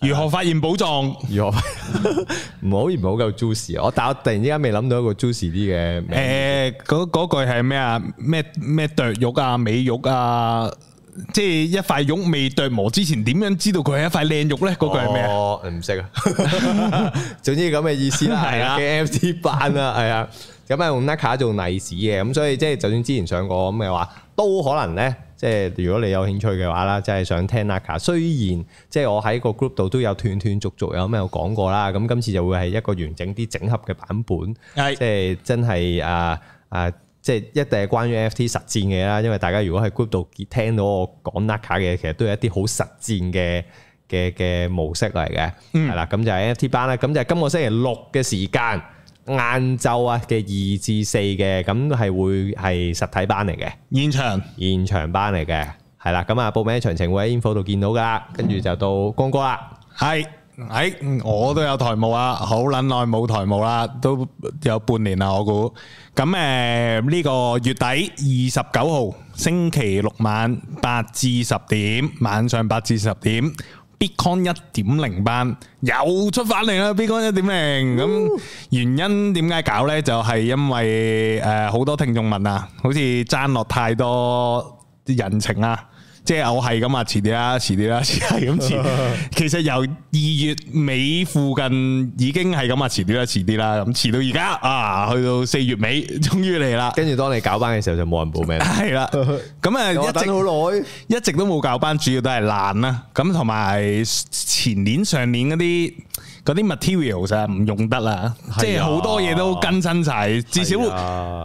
如何發現寶藏？如何？ 唔好，唔好夠 Juice。我但我突然之間未諗到一個 Juice 啲嘅。誒、呃，嗰句係咩啊？咩咩剁玉啊、美肉啊？即、就、係、是、一塊肉未剁磨之前，點樣知道佢係一塊靚肉咧？嗰句係咩？唔識啊。 總之咁嘅意思啦，係啊 的。M C 版啊，係啊的。咁係用 N a a 做例子嘅，咁的 所以即係就算之前上過咁嘅話，都可能咧。即係如果你有興趣嘅話啦，即係想聽 Naka。雖然即係我喺個 group 度都有斷斷續續有咩有講過啦，咁今次就會係一個完整啲整合嘅版本。係，即係真係啊啊！即係一定係關於 NFT 實戰嘅啦。因為大家如果喺 group 度聽到我講 Naka 嘅，其實都係一啲好實戰嘅嘅嘅模式嚟嘅。嗯。係啦，咁就係 NFT 班啦。咁就係今個星期六嘅時間。晏晝啊嘅二至四嘅，咁係會係實體班嚟嘅，現場現場班嚟嘅係啦，咁啊報名詳情會喺 info 度見到噶，跟住就到光哥啦，係係我都有台務啦，好捻耐冇台務啦，都有半年啦我估，咁誒呢個月底二十九號星期六晚八至十點，晚上八至十點。1 Bitcoin 一點零班又出返嚟啦！Bitcoin 一點零咁，原因點解搞咧？就係、是、因為誒好、呃、多聽眾問啊，好似爭落太多啲人情啊。即係我係咁啊，遲啲啦，遲啲啦，係咁遲。其實由二月尾附近已經係咁啊，遲啲啦，遲啲啦，咁遲到而家啊，去到四月尾終於嚟啦。跟住當你搞班嘅時候就冇人報名，係啦 。咁啊， 等一直好耐，一直都冇搞班，主要都係懶啦。咁同埋前年上年嗰啲嗰啲 material 實唔用得啦，啊、即係好多嘢都更新晒，啊、至少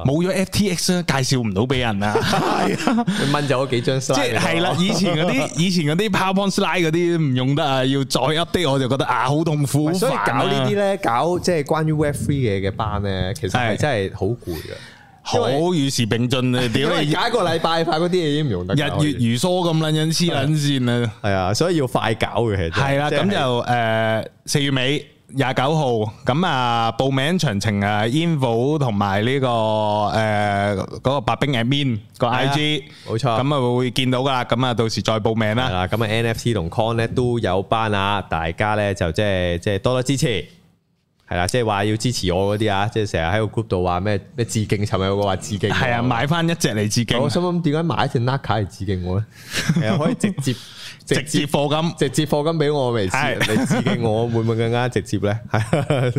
冇咗 FTX 介紹唔到俾人啦，係啊，掹走咗幾張 slide 即係係啦，以前嗰啲以前啲 PowerPoint slide 嗰啲唔用得啊，要再 update 我就覺得 啊好痛苦，所以搞呢啲咧， 搞即係、就是、關於 Web3 嘢嘅班咧，其實係真係好攰啊。好與時並進啊！點解一個禮拜發嗰啲嘢已經用得日月如梭咁撚緊黐撚線啊！係啊，所以要快搞嘅其實係啦，咁就誒四月尾廿九號，咁啊報名詳情啊 info 同埋呢個誒嗰個白兵 Admin 個 IG 冇錯，咁啊會見到噶啦，咁啊到時再報名啦。咁啊 NFT 同 Con 咧都有班啊，大家咧就即係即係多多支持。係啦，即係話要支持我嗰啲啊，即係成日喺個 group 度話咩咩致敬，尋日我話致敬，係啊，買翻一隻嚟致敬。我心諗點解買一隻 N a 卡嚟致敬我咧？係 可以直接直接課金，直接課金俾我未？係的你致敬我會唔會更加直接咧？係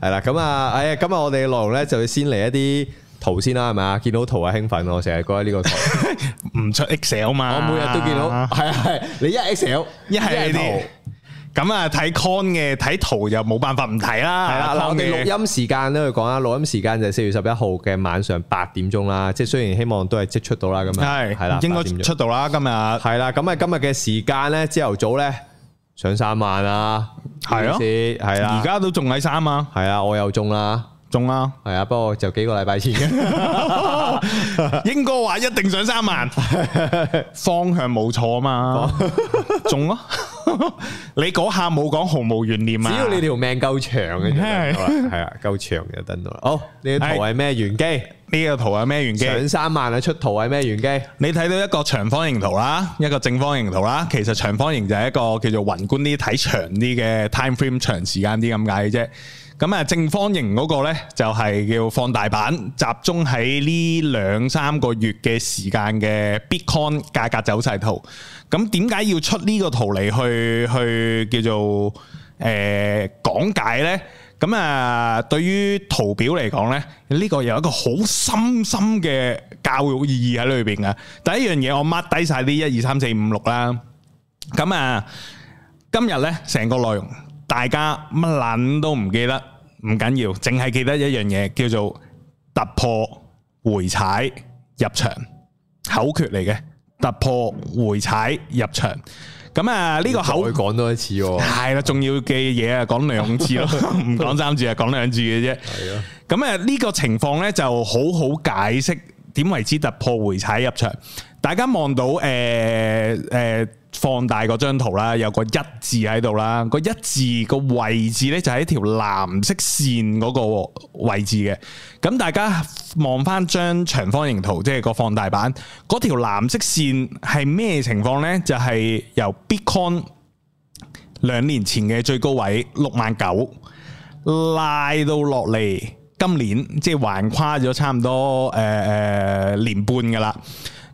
係啦，咁啊，係啊，今日我哋嘅內容咧，就先嚟一啲圖先啦，係咪啊？見到圖啊，興奮，我成日覺得呢個圖唔 出 Excel 啊嘛，我每日都見到，係啊，你一 Excel 一係度。咁啊，睇 con 嘅，睇圖就冇辦法唔睇啦。嗱，我哋錄音時間都要講啦，錄音時間就係四月十一號嘅晚上八點鐘啦。即係雖然希望都係即出到啦，咁係係啦，應該出到啦今日。係啦，咁啊今日嘅時間咧，朝頭早咧上三萬啦，係咯，係啦，而家都仲喺三萬，係啊，我又中啦，中啦，係啊，不過就幾個禮拜前嘅，鷹哥話一定上三萬，方向冇錯啊嘛，中咯。 你嗰下冇講毫無懸念啊！只要你條命夠長就等到，係係係啊，夠長就等到啦。好，oh，呢 Hey, 個圖係咩原機？呢個圖係咩原機？兩三萬啊！出圖係咩原機？你睇到一個長方形圖啦，一個正方形圖啦。其實長方形就係一個叫做宏觀啲、睇長啲嘅 time frame，長時間啲咁解嘅啫。咁啊，正方形嗰個咧就係叫放大版，集中喺呢兩三個月嘅時間嘅 Bitcoin 價格走勢圖。咁點解要出呢個圖嚟去去叫做誒講解咧？咁啊，對於圖表嚟講咧，呢個有一個好深深嘅教育意義喺裏邊嘅。第一樣嘢我抹低曬啲一二三四五六啦。咁啊，今日咧成個內容大家乜撚都唔記得。唔緊要，淨係記得一樣嘢，叫做突破回踩入場口訣嚟嘅，突破回踩入場。咁啊，呢個口訣講多一次，係啦，重要嘅嘢啊，講兩次咯，唔講三次啊，講兩次嘅啫。咁啊，呢個情況咧就好好解釋點為之突破回踩入場。大家望到誒誒。放大嗰張圖啦，有一個一字喺度啦，個一字個位置呢，就喺條藍色線嗰個位置嘅。咁大家望翻張長方形圖，即係個放大版，嗰條藍色線係咩情況呢？就係由 Bitcoin 兩年前嘅最高位六萬九拉到落嚟，今年即係橫跨咗差唔多誒誒年半噶啦。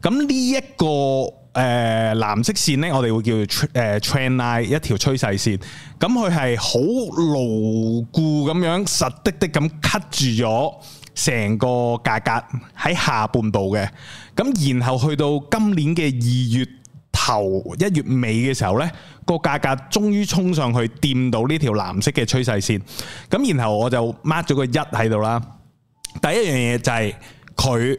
咁呢一個。誒、呃、藍色線呢，我哋會叫做誒 trend line 一條趨勢線，咁佢係好牢固咁樣實的的咁 cut 住咗成個價格喺下半部嘅，咁、嗯、然後去到今年嘅二月頭一月尾嘅時候呢，個價格終於衝上去掂到呢條藍色嘅趨勢線，咁、嗯、然後我就 mark 咗個一喺度啦。第一樣嘢就係佢。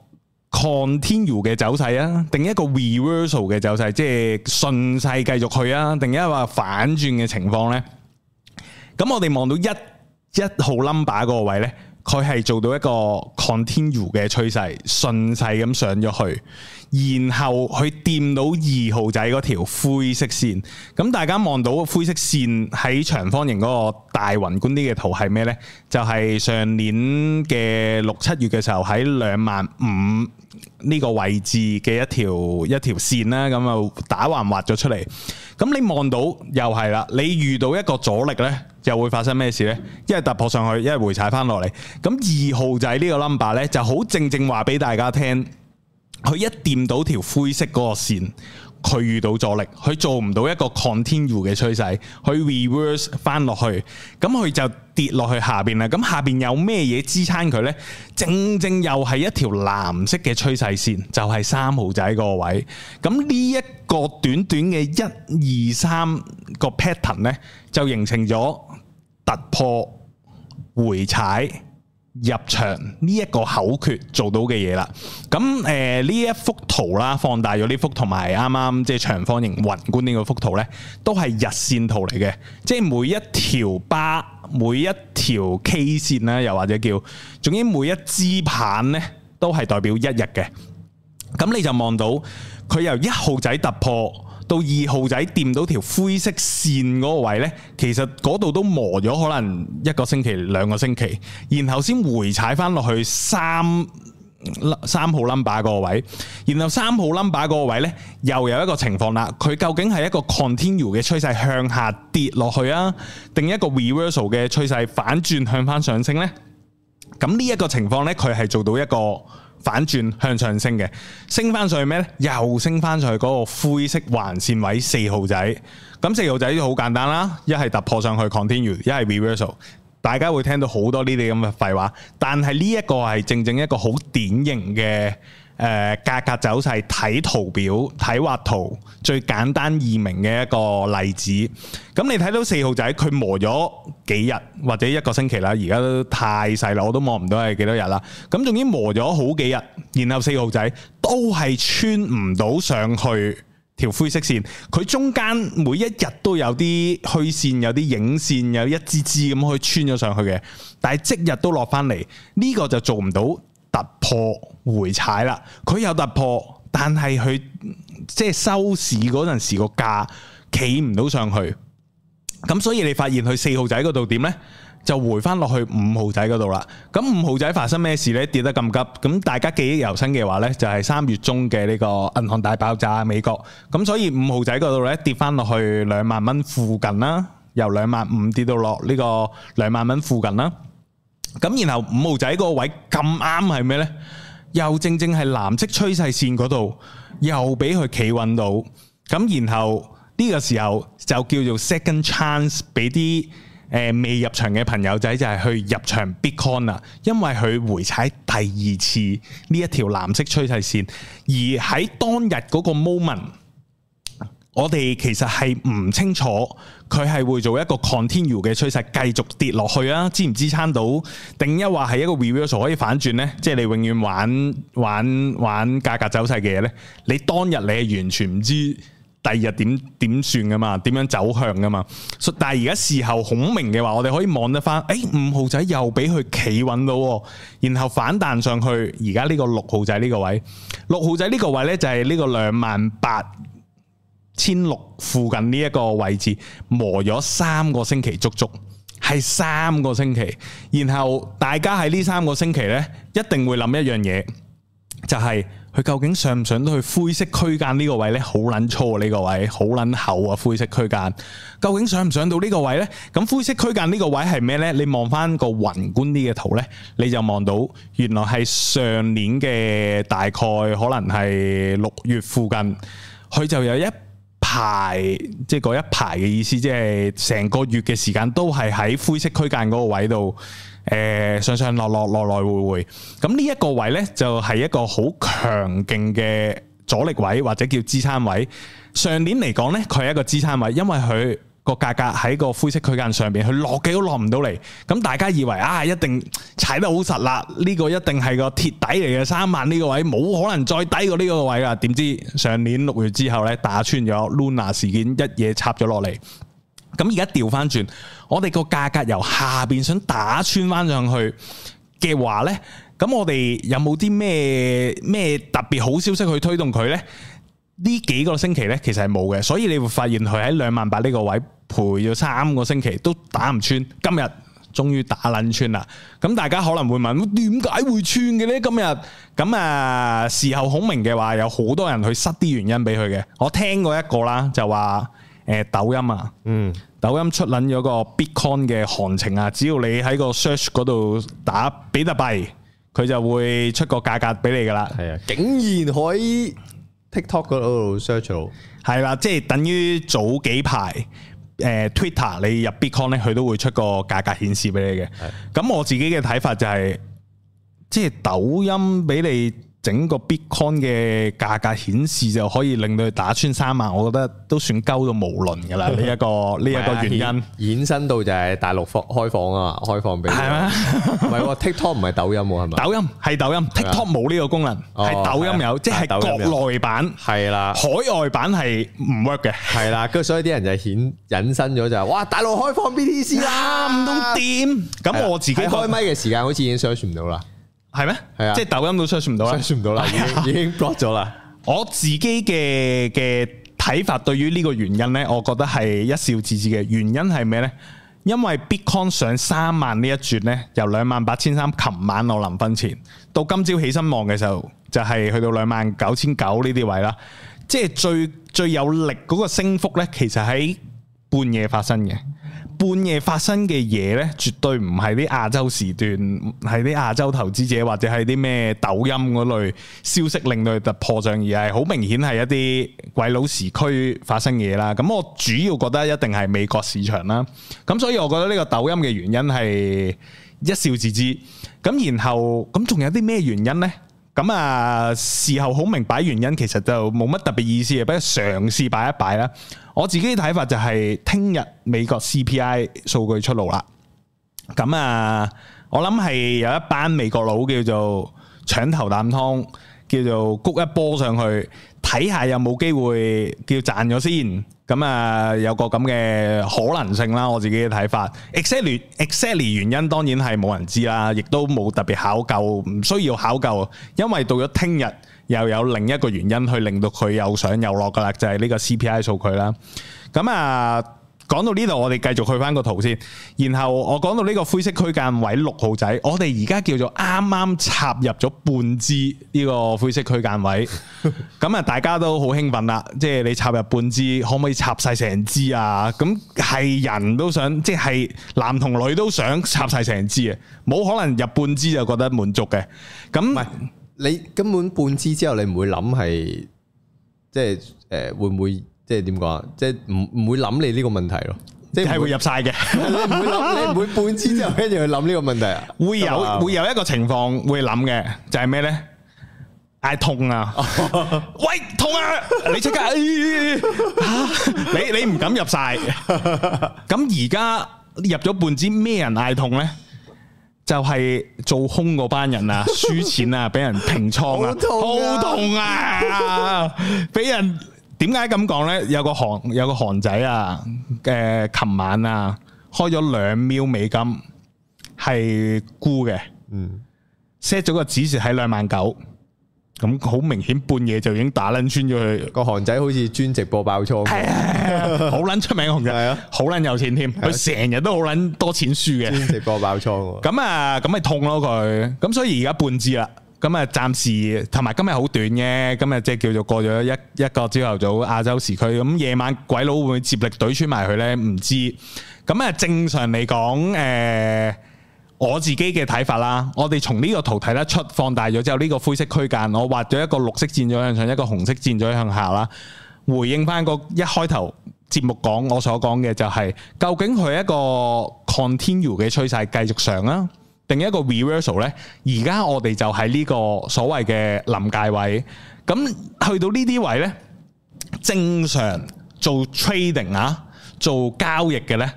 Continue 嘅走勢啊，定一個 reversal 嘅走勢，即係順勢繼續去啊，定一話反轉嘅情況咧？咁我哋望到一一號 number 嗰個位咧。佢係做到一個 continue 嘅趨勢，順勢咁上咗去，然後佢掂到二號仔嗰條灰色線，咁大家望到灰色線喺長方形嗰個大宏觀啲嘅圖係咩呢？就係、係、上年嘅六七月嘅時候喺兩萬五呢個位置嘅一條一條線啦，咁啊打橫畫咗出嚟。咁你望到又係啦，你遇到一個阻力呢，又會發生咩事呢？一係突破上去，一係回踩翻落嚟。咁二號仔呢個 number 呢，就好正正話俾大家聽，佢一掂到條灰色嗰個線。佢遇到阻力，佢做唔到一個 continue 嘅趨勢，佢 reverse 翻落去，咁佢就跌落去下邊啦。咁下邊有咩嘢支撐佢咧？正正又係一條藍色嘅趨勢線，就係三毫仔個位。咁呢一個短短嘅一二三個 pattern 咧，就形成咗突破回踩。入場呢一個口訣做到嘅嘢啦，咁誒呢一幅圖啦，放大咗呢幅同埋啱啱即係長方形雲觀呢個幅圖呢，都係日線圖嚟嘅，即係每一條巴、每一條 K 線啦，又或者叫總之每一支棒呢，都係代表一日嘅。咁你就望到佢由一號仔突破。到二號仔掂到條灰色線嗰個位呢，其實嗰度都磨咗可能一個星期兩個星期，然後先回踩翻落去三三號 number 嗰個位，然後三號 number 嗰個位呢，又有一個情況啦，佢究竟係一個 continual 嘅趨勢向下跌落去啊，定一個 reversal 嘅趨勢反轉向翻上升呢？咁呢一個情況呢，佢係做到一個。反轉向上升嘅，升翻上去咩咧？又升翻上去嗰個灰色環線位四號仔，咁四號仔都好簡單啦，一係突破上去 continue，一係 reversal，大家會聽到好多呢啲咁嘅廢話，但係呢一個係正正一個好典型嘅。誒價格，格走勢，睇圖表、睇畫圖，最簡單易明嘅一個例子。咁你睇到四號仔，佢磨咗幾日或者一個星期啦？而家都太細啦，我都望唔到係幾多日啦。咁仲已經磨咗好幾日，然後四號仔都係穿唔到上去條灰色線。佢中間每一日都有啲虛線，有啲影線，有一支支咁去穿咗上去嘅。但係即日都落翻嚟，呢、呢個就做唔到。突破回踩啦，佢有突破，但係佢即係收市嗰陣時個價企唔到上去，咁所以你發現佢四號仔嗰度點呢？就回翻落去五號仔嗰度啦。咁五號仔發生咩事呢？跌得咁急，咁大家記憶猶新嘅話呢，就係三月中嘅呢個銀行大爆炸，美國，咁所以五號仔嗰度呢，跌翻落去兩萬蚊附近啦，由兩萬五跌到落呢個兩萬蚊附近啦。咁然後五號仔個位咁啱係咩呢？又正正係藍色趨勢線嗰度，又俾佢企穩到。咁然後呢個時候就叫做 second chance，俾啲誒未入場嘅朋友仔就係去入場 Bitcoin 啦，因為佢回踩第二次呢一條藍色趨勢線，而喺當日嗰個 moment。我哋其實係唔清楚佢係會做一個 continue 嘅趨勢繼續跌落去啊，支唔支撐到？定一話係一個 reversal 可以反轉呢？即係你永遠玩玩玩價格走勢嘅嘢呢？你當日你係完全唔知第二日點點算㗎嘛？點樣走向㗎嘛？但係而家事後孔明嘅話，我哋可以望得返。誒五號仔又俾佢企穩到，然後反彈上去，而家呢個六號仔呢個位，六號仔呢個位呢，就係呢個兩萬八。千六附近呢一個位置磨咗三個星期，足足係三個星期。然後大家喺呢三個星期咧，一定會諗一樣嘢，就係佢究竟上唔上到去灰色區間呢個位咧？好撚粗啊呢個位，好撚厚啊灰色區間，究竟上唔上到呢個位咧？咁灰色區間呢個位係咩咧？你望翻個宏觀啲嘅圖咧，你就望到原來係上年嘅大概可能係六月附近，佢就有一。排即係嗰一排嘅意思，即係成個月嘅時間都係喺灰色區間嗰個位度，誒上上落落落來回回。咁呢一個位咧就係一個好強勁嘅阻力位或者叫支撐位。上年嚟講咧，佢係一個支撐位，因為佢。個價格喺個灰色區間上邊，佢落幾都落唔到嚟。咁大家以為啊，一定踩得好實啦，呢個一定係個鐵底嚟嘅三萬呢個位，冇可能再低過呢個位啦。點知上年六月之後呢，打穿咗 Luna 事件一嘢插咗落嚟。咁而家調翻轉，我哋個價格由下邊想打穿翻上去嘅話呢，咁我哋有冇啲咩咩特別好消息去推動佢呢？呢幾個星期呢，其實係冇嘅，所以你會發現佢喺兩萬八呢個位賠咗三個星期，都打唔穿，今日終於打撚穿啦。咁大家可能會問，點解會穿嘅呢？今，今日咁啊，事後孔明嘅話，有好多人去塞啲原因俾佢嘅。我聽過一個啦，就話誒抖音啊，嗯，抖音出撚咗個 Bitcoin 嘅行情啊，只要你喺個 search 嗰度打比特幣，佢就會出個價格俾你㗎啦。係啊的，竟然可以！TikTok 嗰度 search 到，係啦，即係等於早幾排，誒、呃、Twitter 你入 Bitcoin 咧，佢都會出個價格顯示俾你嘅。咁係我自己嘅睇法就係、是，即係抖音俾你。整個 Bitcoin 嘅價格顯示就可以令到佢打穿三萬，我覺得都算鳩到無論㗎啦。呢一個呢一個原因，衍生到就係大陸放開放啊，開放俾。係咩？唔係，TikTok 唔係抖音喎，係咪？抖音係抖音，TikTok 冇呢個功能，係抖音有，即係國內版。係啦，海外版係唔 work 嘅。係啦，跟住所以啲人就係顯引申咗就係，哇！大陸開放 BTC 啦，唔通掂。咁我自己開咪嘅時間好似已經 search 唔到啦。係咩？係啊，即係抖音都 search 唔到啦 search 唔到啦，已經已經 block 咗啦。 我自己嘅嘅睇法，對於呢個原因呢，我覺得係一笑置之嘅。原因係咩呢？因為 Bitcoin 上三萬呢一轉呢，由兩萬八千三，琴晚我臨瞓前到今朝起身望嘅時候，就係、是、去到兩萬九千九呢啲位啦。即係最最有力嗰個升幅呢，其實喺半夜發生嘅。半夜發生嘅嘢咧，絕對唔係啲亞洲時段，係啲亞洲投資者或者係啲咩抖音嗰類消息令到佢突破障，而係好明顯係一啲鬼佬時區發生嘢啦。咁我主要覺得一定係美國市場啦。咁所以我覺得呢個抖音嘅原因係一笑置之。咁然後咁仲有啲咩原因咧？咁啊，事後好明白原因，其實就冇乜特別意思啊，不如嘗試擺一擺啦。我自己嘅睇法就係聽日美國 CPI 數據出爐啦。咁啊，我諗係有一班美國佬叫做搶頭啖湯，叫做谷一波上去。睇下有冇機會叫賺咗先，咁啊有個咁嘅可能性啦，我自己嘅睇法。excelli excelli 原因當然係冇人知啦，亦都冇特別考究，唔需要考究，因為到咗聽日又有另一個原因去令到佢又上又落噶啦，就係呢個 CPI 數據啦。咁啊。講到呢度，我哋繼續去翻個圖先。然後我講到呢個灰色區間位六號仔，我哋而家叫做啱啱插入咗半支呢個灰色區間位。咁啊，大家都好興奮啦！即係你插入半支，可唔可以插晒成支啊？咁係人都想，即係男同女都想插晒成支啊！冇可能入半支就覺得滿足嘅。咁唔係你根本半支之後，你唔會諗係即係誒會唔會？即係點講啊？即係唔唔會諗你呢個問題咯。即係會，會入晒嘅，唔會諗，你每半支之後跟住去諗呢個問題啊。會有是是會有一個情況會諗嘅，就係咩咧？嗌痛啊！ 喂，痛啊！你出街，吓、啊！你你唔敢入晒。咁而家入咗半支，咩人嗌痛咧？就係、是、做空嗰班人啊，輸錢啊，俾人平倉啊，好痛啊！俾、啊、人。點解咁講咧？有個韓有個韓仔啊，誒、呃，琴晚啊開咗兩 mil 美金係沽嘅，嗯，set 咗個指示喺兩萬九，咁好明顯半夜就已經打捻穿咗佢。個韓仔好似專直播爆倉，好捻出名嘅韓 仔，好捻有錢添。佢成日都好捻多錢輸嘅，直播爆倉。咁 啊，咁咪痛咯佢。咁所以而家半支啦。咁啊、嗯，暫時同埋今日好短嘅，今日即係叫做過咗一一個朝頭早亞洲時區咁，夜、嗯、晚鬼佬會唔會接力堆穿埋佢呢？唔知。咁、嗯、啊，正常嚟講，誒、呃、我自己嘅睇法啦，我哋從呢個圖睇得出，放大咗之後，呢、呢個灰色區間，我畫咗一個綠色箭在向上，一個紅色箭在向下啦，回應翻個一開頭節目講我所講嘅、就係，就係究竟佢一個 continue 嘅趨勢繼續上啦？另一個 reversal 呢，而家我哋就喺呢個所謂嘅臨界位，咁去到呢啲位呢，正常做 trading 啊，做交易嘅呢，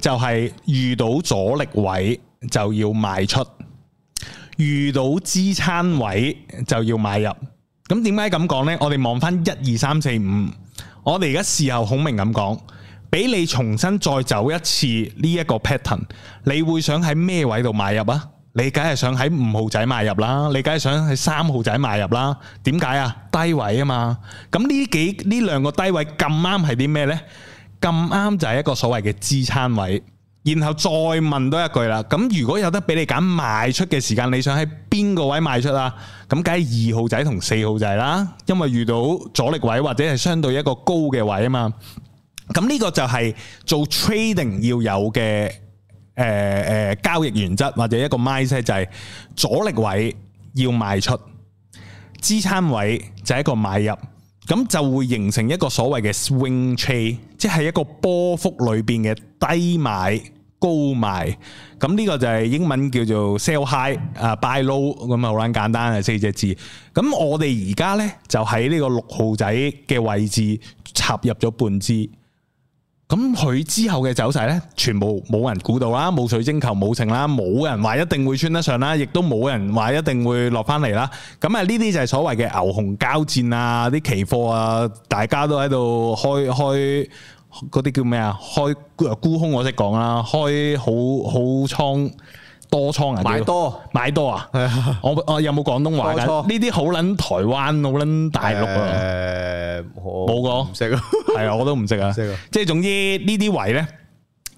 就係遇到阻力位就要賣出，遇到支撐位就要買入。咁點解咁講呢？我哋望返一二三四五，我哋而家事後孔明咁講。俾你重新再走一次呢一個 pattern，你會想喺咩位度買入啊？你梗係想喺五號仔買入啦，你梗係想喺三號仔買入啦。點解啊？低位啊嘛。咁呢幾呢兩個低位咁啱係啲咩呢？咁啱就係一個所謂嘅支撐位。然後再問多一句啦，咁如果有得俾你揀賣出嘅時間，你想喺邊個位賣出啊？咁梗係二號仔同四號仔啦，因為遇到阻力位或者係相對一個高嘅位啊嘛。咁呢個就係做 trading 要有嘅誒誒交易原則或者一個 mindset 咧，就係阻力位要賣出，支撐位就係一個買入，咁就會形成一個所謂嘅 swing trade，即係一個波幅裏邊嘅低買高賣，咁呢個就係英文叫做 sell high 啊、uh, buy low，咁啊好撚簡單啊四隻字。咁我哋而家呢，就喺呢個六號仔嘅位置插入咗半支。咁佢之後嘅走勢呢，全部冇人估到啦，冇水晶球冇成啦，冇人話一定會穿得上啦，亦都冇人話一定會落翻嚟啦。咁啊，呢啲就係所謂嘅牛熊交戰啊，啲期貨啊，大家都喺度開開嗰啲叫咩啊，開沽空我識講啦，開，開好好倉。多倉啊，買多買多啊！ 我我有冇廣東話？呢啲好撚台灣，好撚大陸啊！冇個唔識，係啊過， 我都唔識啊，即係總之呢啲位咧，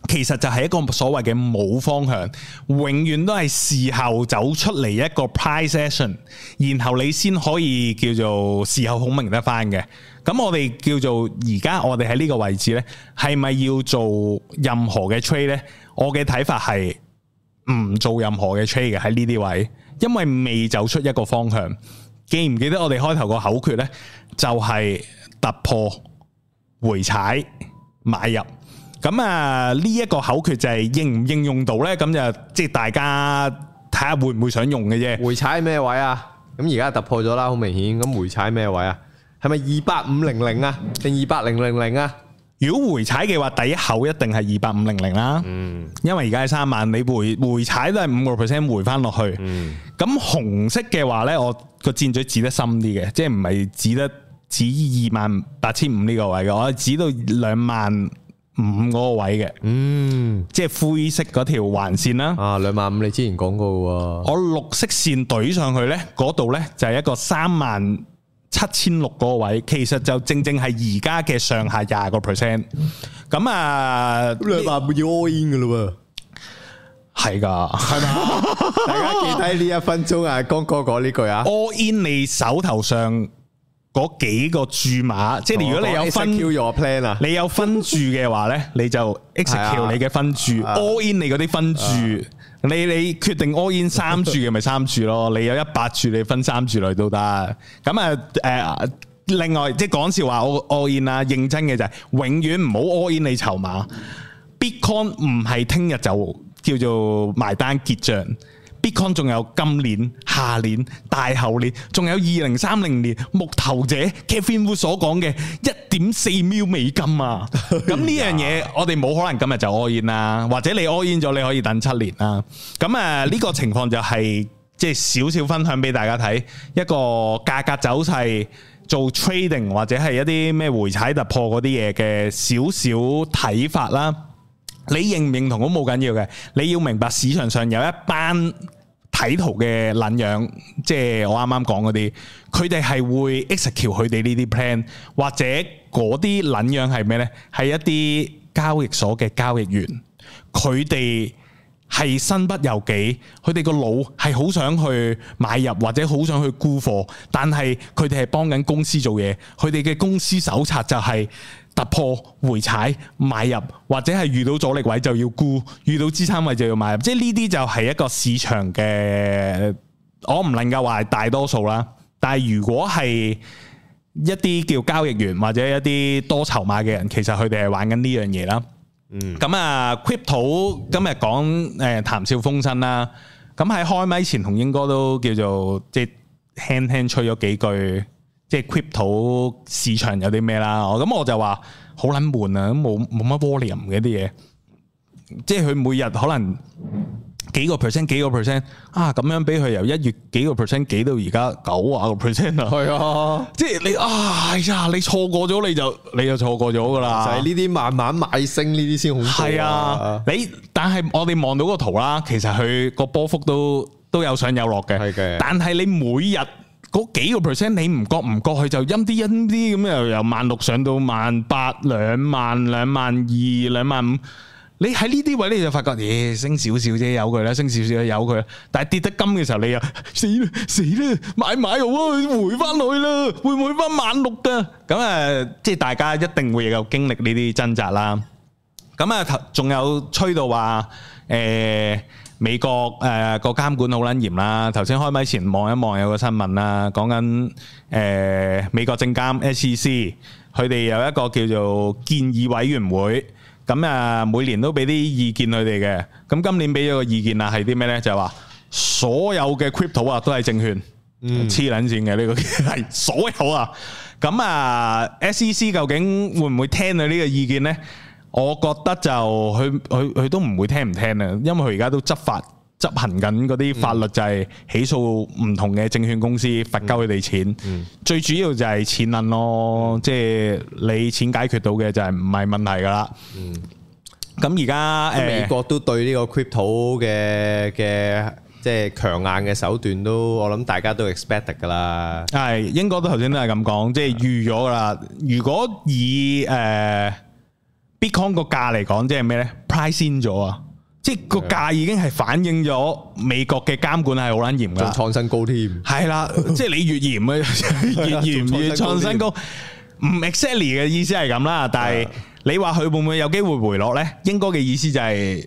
其實就係一個所謂嘅冇方向，永遠都係事後走出嚟，一個 price action，然後你先可以叫做事後孔明得返嘅。咁我哋叫做而家我哋喺呢個位置咧，係咪要做任何嘅 trade 咧？我嘅睇法係。唔做任何嘅 trade 嘅，喺呢啲位，因為未走出一個方向。記唔記得我哋開頭個口訣呢？就係、是、突破回踩買入。咁啊，呢一個口訣就係應唔應用到呢？咁就即係、就是、大家睇下會唔會想用嘅啫。回踩咩位啊？咁而家突破咗啦，好明顯。咁回踩咩位啊？係咪二八五零零啊？定二八零零零啊？如果回踩嘅話，底口一定係二百五零零啦，嗯、因為而家係三萬，你回回踩都係五個 percent 回翻落去。咁、嗯、紅色嘅話咧，我個箭嘴指得深啲嘅，即係唔係指得指二萬八千五呢個位嘅，我指到兩萬五嗰個位嘅。嗯，即係灰色嗰條橫線啦。啊，兩萬五你之前講過喎、啊。我綠色線懟上去咧，嗰度咧就係、是、一個三萬七千六個位，其實就正正係而家嘅上下廿個 percent。咁啊，兩萬要 all in 嘅咯喎，係噶，係咪？大家記得呢一分鐘啊，江哥講呢句啊，all in 你手頭上嗰幾個注碼，即係如果你有分，your plan 啊，你有分注嘅話咧， 你就 exit 掉你嘅分注，啊、，all in 你嗰啲分注。 你你決定 all in 三注嘅，咪三注咯，你有一百注你分三注嚟都得。咁啊誒、呃，另外即係講笑話，我 all in 啊，認真嘅就係永遠唔好 all in 你籌碼。Bitcoin 唔係聽日就叫做埋單結賬。Bitcoin 仲有今年、下年、大後年，仲有二零三零年。木頭姐 Kevin Wood 所講嘅一點四 million 美金啊！咁呢 樣嘢，我哋冇可能今日就 all in 啦，或者你 all in 咗，你可以等七年啦。咁啊，呢個情況就係即係少少分享俾大家睇一個價格走勢，做 trading 或者係一啲咩回踩突破嗰啲嘢嘅少少睇法啦。你認唔認同都冇緊要嘅，你要明白市場上有一班睇圖嘅撚樣，即係我啱啱講嗰啲，佢哋係會 execute 佢哋呢啲 plan，或者嗰啲撚樣係咩呢？係一啲交易所嘅交易員，佢哋係身不由己，佢哋個腦係好想去買入或者好想去沽貨，但係佢哋係幫緊公司做嘢，佢哋嘅公司手冊就係、是。突破回踩買入，或者係遇到阻力位就要沽，遇到支撐位就要買入，即係呢啲就係一個市場嘅，我唔能夠話係大多數啦。但係如果係一啲叫交易員或者一啲多籌碼嘅人，其實佢哋係玩緊呢樣嘢啦。嗯，咁啊 Crypto 今日講誒談笑風生啦。咁喺開咪前同英哥都叫做即係輕輕吹咗幾句。即係 crypto 市場有啲咩啦？咁我就話好捻悶啊，都冇冇乜 volume 嘅啲嘢。即係佢每日可能幾個 percent、幾個 percent 啊，咁樣俾佢由一月幾個 percent 幾到而家九啊個 percent 啊去啊。即係你啊，係啊、哎呀，你錯過咗你就你就錯過咗噶啦。就係呢啲慢慢買升呢啲先好。係啊，你但係我哋望到個圖啦，其實佢個波幅都都有上有落嘅。係嘅的，但係你每日。嗰幾個 percent，你唔覺唔覺，佢就陰啲陰啲咁，又由萬六上到萬八、兩萬、兩萬二、兩萬五。你喺呢啲位你就發覺，咦，升少少啫，有佢啦，升少少啦，有佢。但係跌得金嘅時候，你又死啦死啦，買買落啊，回翻落去啦，會唔會翻萬六㗎？咁啊，即係大家一定會有經歷呢啲掙扎啦。咁啊，頭仲有吹到話誒。美國誒個監管好撚嚴啦，頭先開咪前望一望有個新聞啦，講緊誒美國證監 SEC 佢哋有一個叫做建議委員會，咁啊每年都俾啲意見佢哋嘅，咁今年俾咗個意見啊係啲咩呢？就係話所有嘅 crypto 啊都係證券，嗯，黐撚線嘅呢個係所有啊，咁啊 SEC 究竟會唔會聽佢呢個意見呢？我覺得就佢佢佢都唔會聽唔聽啦，因為佢而家都執法執行緊嗰啲法律，就係起訴唔同嘅證券公司，罰交佢哋錢。最主要就係錢銀咯，即係你錢解決到嘅就係唔係問題噶啦。咁而家美國都對呢個 crypto 嘅嘅即係強硬嘅手段都，我諗大家都 expected 噶啦。係英國都頭先都係咁講，即係預咗噶啦。如果以誒。Bitcoin 個價嚟講，即係咩咧？Price in 咗啊！即係個價已經係反映咗美國嘅監管係好捻嚴噶，創新高添。係啦，即係你越嚴啊，越嚴越創新高。唔 exactly 嘅意思係咁啦，但係你話佢會唔會有機會回落咧？應該嘅意思就係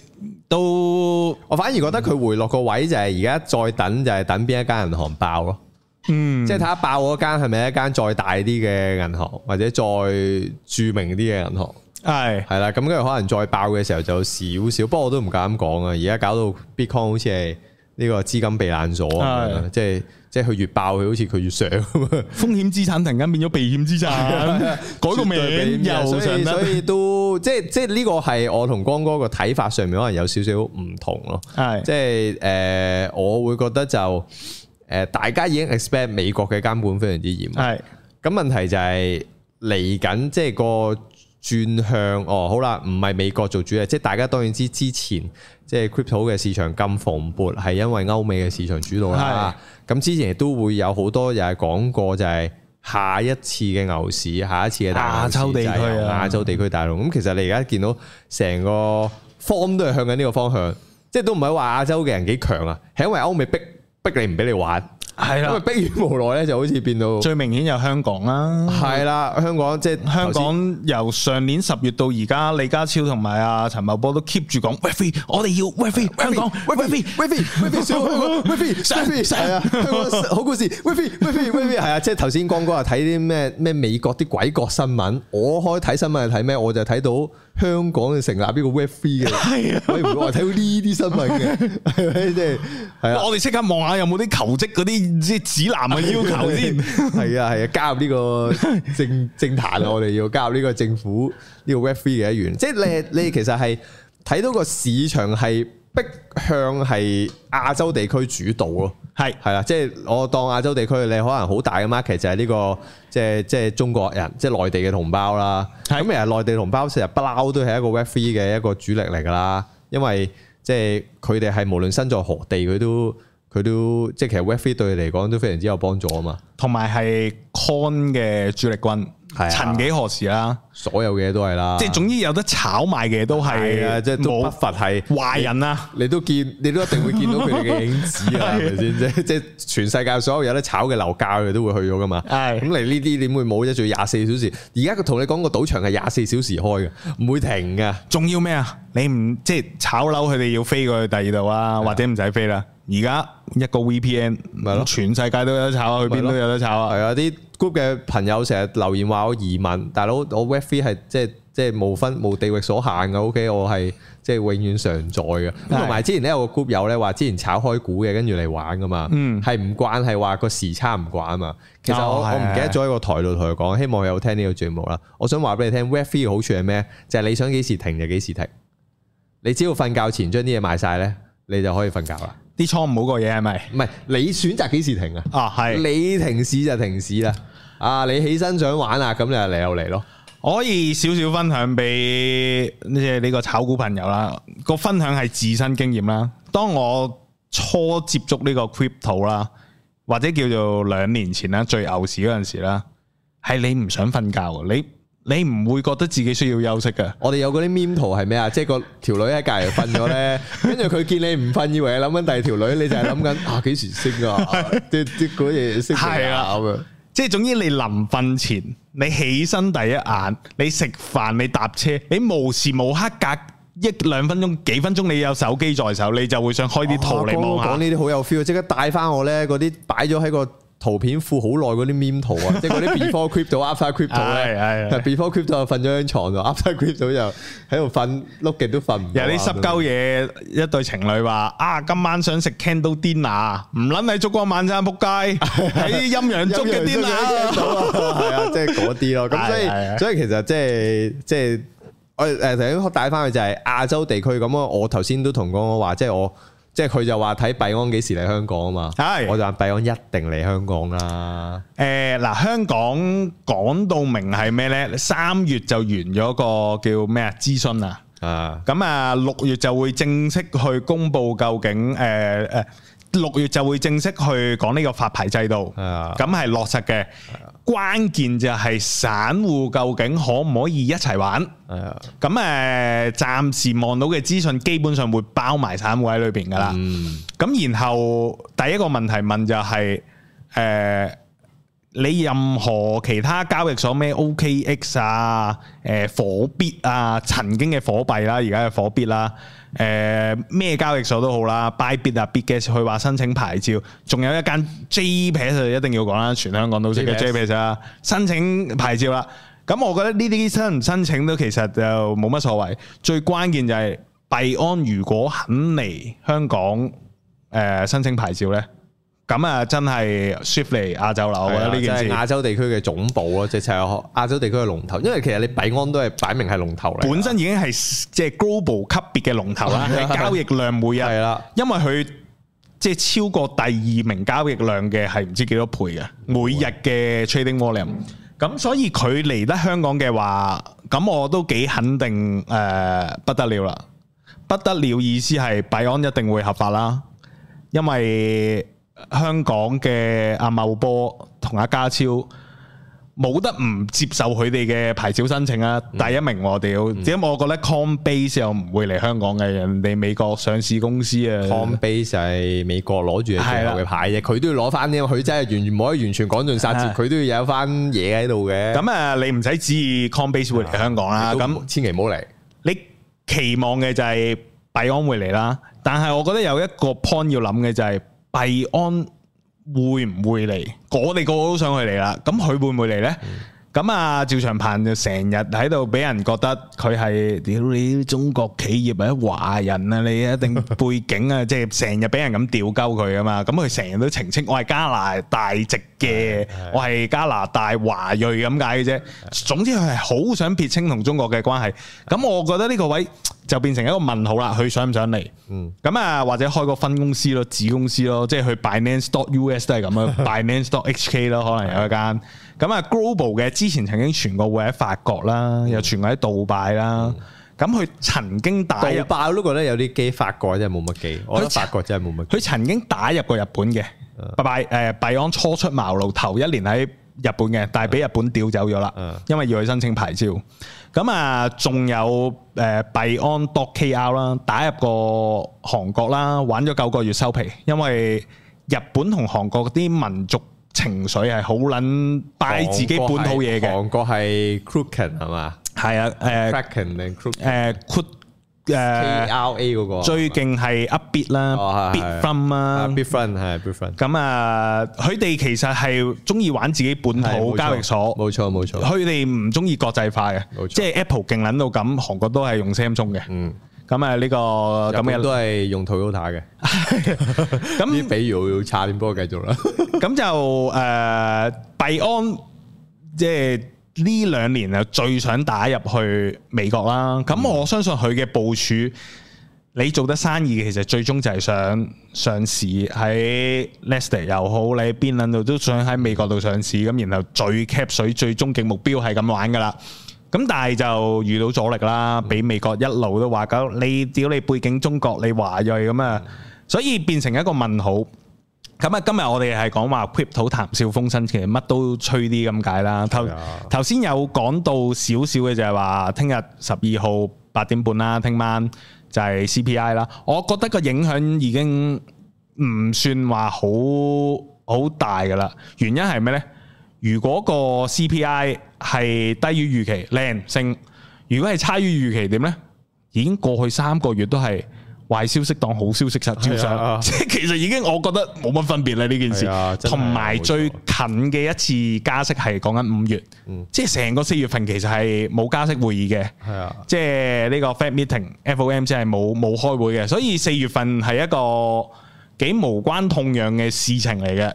都，我反而覺得佢回落個位就係而家再等，就係等邊一間銀行爆咯。嗯，即係睇下爆嗰間係咪一間再大啲嘅銀行，或者再著名啲嘅銀行。係係啦，咁跟住可能再爆嘅時候就少少，不過我都唔敢講啊。而家搞到 Bitcoin 好似係呢個資金避難所，即係即係佢越爆，佢好似佢越上，風險資產突然間變咗避險資產，改個名。所以所以都即係即係呢個係我同光哥個睇法上面可能有少少唔同咯。係即係誒，我會覺得就誒，大家已經 expect 美國嘅監管非常之嚴。係咁問題就係嚟緊即係個。轉向哦，好啦，唔係美國做主嘅。即係大家當然知之前即係 crypto 嘅市場咁蓬勃，係因為歐美嘅市場主導啦。咁之前亦都會有好多又係講過，就係下一次嘅牛市，下一次嘅亞洲地區啊，亞洲地區大陸。咁、嗯、其實你而家見到成個方都係向緊呢個方向，即係都唔係話亞洲嘅人幾強啊，係因為歐美逼。逼你唔俾你玩，係啦，因為逼於無奈咧，就好似變到最明顯就香港啦，係啦，香港即係香港由上年十月到而家，李家超同埋阿陳茂波都 keep 住講，威我哋要威香港，威威飛，威飛，威飛，威飛，威飛，威飛，係啊，好故事，威飛，威飛，威飛，係啊，即係頭先光哥話睇啲咩咩美國啲鬼國新聞，我開睇新聞係睇咩？我就睇到。香港就成立呢個 Web Three 嘅，我唔會話睇到呢啲新聞嘅，即係？係啊，我哋即刻望下有冇啲求職嗰啲即係指南嘅要求先。係啊係啊，係啊，加入呢個政政壇啊，我哋要加入呢個政府呢個 Web Three 嘅一員。即係你你其實係睇到個市場係逼向係亞洲地區主導咯。係係啦，即係我當亞洲地區，你可能好大嘅 market 就係呢個，即係即係中國人，即係內地嘅同胞啦。咁其實內地同胞成日不嬲，都係一個 Web Three 嘅一個主力嚟噶啦。因為即係佢哋係無論身在何地，佢都佢都即係其實 Web Three 對佢嚟講都非常之有幫助啊嘛。同埋係 Con 嘅主力軍。係，曾、啊、幾何時啦，所有嘅嘢都係啦，即係總之有得炒賣嘅都係，啊啊、即係都不乏係壞人啊你。你都見，你都一定會見到佢哋嘅影子啊。係咪先？即即係全世界所有有得炒嘅樓價，佢哋都會去咗噶嘛。係、啊，咁你呢啲點會冇一？仲要廿四小時，而家佢同你講個賭場係廿四小時開嘅，唔會停噶。仲要咩啊？你唔即係炒樓，佢哋要飛過去第二度啊，或者唔使飛啦。而家一個 VPN 咪咯的，全世界都有得炒啊，的去邊都有得炒啊。係有啲 group 嘅朋友成日留言話我疑問，大佬我 Web Three 係即係即係無分無地域所限嘅，OK，我係即係永遠常在嘅。同埋的之前咧有個 group 友咧話之前炒開股嘅，跟住嚟玩噶嘛，係唔慣係話個時差唔慣啊嘛。其實我的我唔記得咗喺個台度同佢講，希望有聽呢個節目啦。我想話俾你聽，Web Three 嘅好處係咩？就係、是、你想幾時停就幾時停，你只要瞓覺前將啲嘢賣晒咧，你就可以瞓覺啦。啲倉唔好個嘢係咪？唔係你選擇幾時停啊？啊係，你停市就停市啦，啊。啊，你起身想玩啊，咁就嚟又嚟咯。我可以少少分享俾呢隻個炒股朋友啦。個分享係自身經驗啦。當我初接觸呢個 Crypto 啦，或者叫做兩年前啦，最牛市嗰陣時啦，係你唔想瞓覺你。你唔會覺得自己需要休息嘅，我哋有嗰啲 memo 係咩啊？即、就、係、是、個條女喺隔籬瞓咗咧，跟住佢見你唔瞓，以為你諗緊第二條女，你就係諗緊啊，幾時升啊？啲啲嗰嘢升係啦，咁、那個、即係，總之你臨瞓前，你起身第一眼，你食飯，你搭車，你無時無刻隔一兩分鐘、幾分鐘，你有手機在手，你就會想開啲圖嚟望下。講呢啲好有 feel，即刻帶翻我咧，嗰啲擺咗喺個圖片庫好耐嗰啲緬圖啊， 即係嗰啲 before crypto 到 after crypto 到咧，但係 before crypto 到就瞓咗張床，喎 after crypto 到就喺度瞓碌極都瞓。唔。有啲濕鳩嘢，一對情侶話：啊，今晚想食 candle dinner，唔撚係燭光晚餐，仆街，係陰陽燭嘅 dinner。係啊，即係嗰啲咯。咁所以所以其實即係即係我誒頭先帶翻去就係、是就是、亞洲地區咁啊。我頭先都同講我話，即、就、係、是、我。即係佢就話睇幣安幾時嚟香港啊嘛，係，我就話幣安一定嚟香港啦。誒，嗱，香港講到明係咩咧？三月就完咗個叫咩啊？諮詢啊，啊，咁啊，六月就會正式去公布究竟，誒誒，六月就會正式去講呢個發牌制度，咁係落實嘅。關鍵就係散戶究竟可唔可以一齊玩？係咁誒，暫時望到嘅資訊基本上會包埋散戶喺裏邊噶啦。咁然後第一個問題問就係、是、誒、呃，你任何其他交易所咩 OKX、OK、啊、誒火、啊、火幣啊、曾經嘅火幣啦、啊、而家嘅火幣啦。誒，咩、呃、交易所都好啦，拜別啊別嘅去話申請牌照，仲有一間 J 撇就一定要講啦，全香港都識嘅 J 撇啦，ASS, 申請牌照啦。咁我覺得呢啲申唔申請都其實就冇乜所謂，最關鍵就係幣安如果肯嚟香港誒、呃、申請牌照呢。咁啊，真係 shift 嚟亞洲啦，我覺得呢件事，亞洲地區嘅總部啊，即係有亞洲地區嘅龍頭。因為其實你幣安都係擺明係龍頭嚟，本身已經係即係 global 級別嘅龍頭啦。 交易量每日，啊、因為佢即係超過第二名交易量嘅係唔知幾多倍嘅 每日嘅 trading volume。咁 所以佢嚟得香港嘅話，咁我都幾肯定誒、呃、不得了啦，不得了意思係幣安一定會合法啦，因為。香港嘅阿茂波同阿家超冇得唔接受佢哋嘅牌照申請啊！嗯、第一名我屌，只、嗯、因我覺得 Coinbase 又唔會嚟香港嘅，人哋美國上市公司啊，Coinbase 係美國攞住最後嘅牌嘅，佢的都要攞翻㖏，佢真係完全冇的可以完全趕盡殺絕，佢的都要有翻嘢喺度嘅。咁啊，你唔使指意 Coinbase 會嚟香港啦，咁那千祈唔好嚟。你期望嘅就係，幣安會嚟啦，但係我覺得有一個 point 要諗嘅就係、是。幣安會唔會嚟？我哋個個都想佢嚟啦。咁佢會唔會嚟呢？嗯咁啊，趙長鵬就成日喺度俾人覺得佢係屌你，中國企業或者華人啊，你一定背景啊，即係成日俾人咁吊鳩佢啊嘛。咁佢成日都澄清，我係加拿大籍嘅，我係加拿大華裔咁解嘅啫。總之佢係好想撇清同中國嘅關係。咁我覺得呢個位就變成一個問號啦。佢想唔想嚟？嗯。咁啊，或者開個分公司咯，子公司咯，即係去 Binance dot U S 都係咁樣，Binance dot H K 咯，可能有一間。咁啊，global 嘅之前曾經傳過會喺法國啦，又傳過喺杜拜啦。咁佢曾經打杜拜都覺得有啲機，法國真係冇乜機。我覺得法國真係冇乜機。佢曾經打入過日本嘅，拜拜，誒，幣安初出茅廬頭一年喺日本嘅，但係俾日本吊走咗啦。因為要去申請牌照。咁啊，仲有誒幣安 .kr 啦，打入過韓國啦，玩咗九個月收皮，因為日本同韓國啲民族。情緒係好撚擺自己本土嘢嘅，韓國係 Crookin 係嘛？係啊，誒 Crookin 定誒 Cro 誒 KRA 嗰個最勁係 Upbit 啦，Bithumb 啦，Bithumb 係 Bithumb。咁啊，佢哋其實係中意玩自己本土交易所，冇錯冇錯。佢哋唔中意國際化嘅，冇錯，即係 Apple 勁撚到咁，韓國都係用 Samsung 嘅，嗯。咁啊，呢、這個咁嘅都係用 Toyota 嘅。咁啲 比喻要差啲，幫我繼續啦。 咁、呃、就誒，幣安即係呢兩年就最想打入去美國啦。咁我相信佢嘅部署，你做得生意其實最終就係想上市喺 Lister 又好，你邊撚度都想喺美國度上市。咁然後最 cap 水、最終極目標係咁玩噶啦。咁但係就遇到阻力啦，俾美國一路都話咁，你如果你背景中國，你華裔咁啊，所以變成一個問號。咁啊，今日我哋係講話 Crypto 談笑風生，其實乜都吹啲咁解啦。頭頭先有講到少少嘅就係話，聽日十二號八點半啦，聽晚就係 CPI 啦。我覺得個影響已經唔算話好好大㗎啦。原因係咩呢？如果個 CPI 係低於預期，靚升。如果係差於預期點呢？已經過去三個月都係壞消息當好消息實炒上，即係其實已經我覺得冇乜分別啦呢件事。同埋最近嘅一次加息係講緊五月，即係成個四月份其實係冇加息會議嘅，即係呢個 Fed meeting FOMC 係冇冇開會嘅，所以四月份係一個幾無關痛癢嘅事情嚟嘅。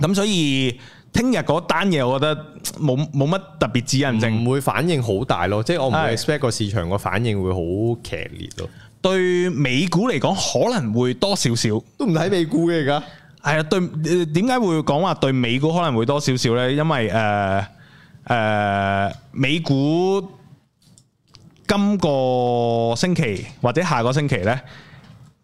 咁所以，聽日嗰單嘢，我覺得冇冇乜特別指引性，唔會反應好大咯。即係我唔會 expect 個市場個反應會好劇烈咯。對美股嚟講，可能會多少少，都唔睇美股嘅而家。係啊，對，點解會講話對美股可能會多少少呢？因為誒誒，美股今個星期或者下個星期呢。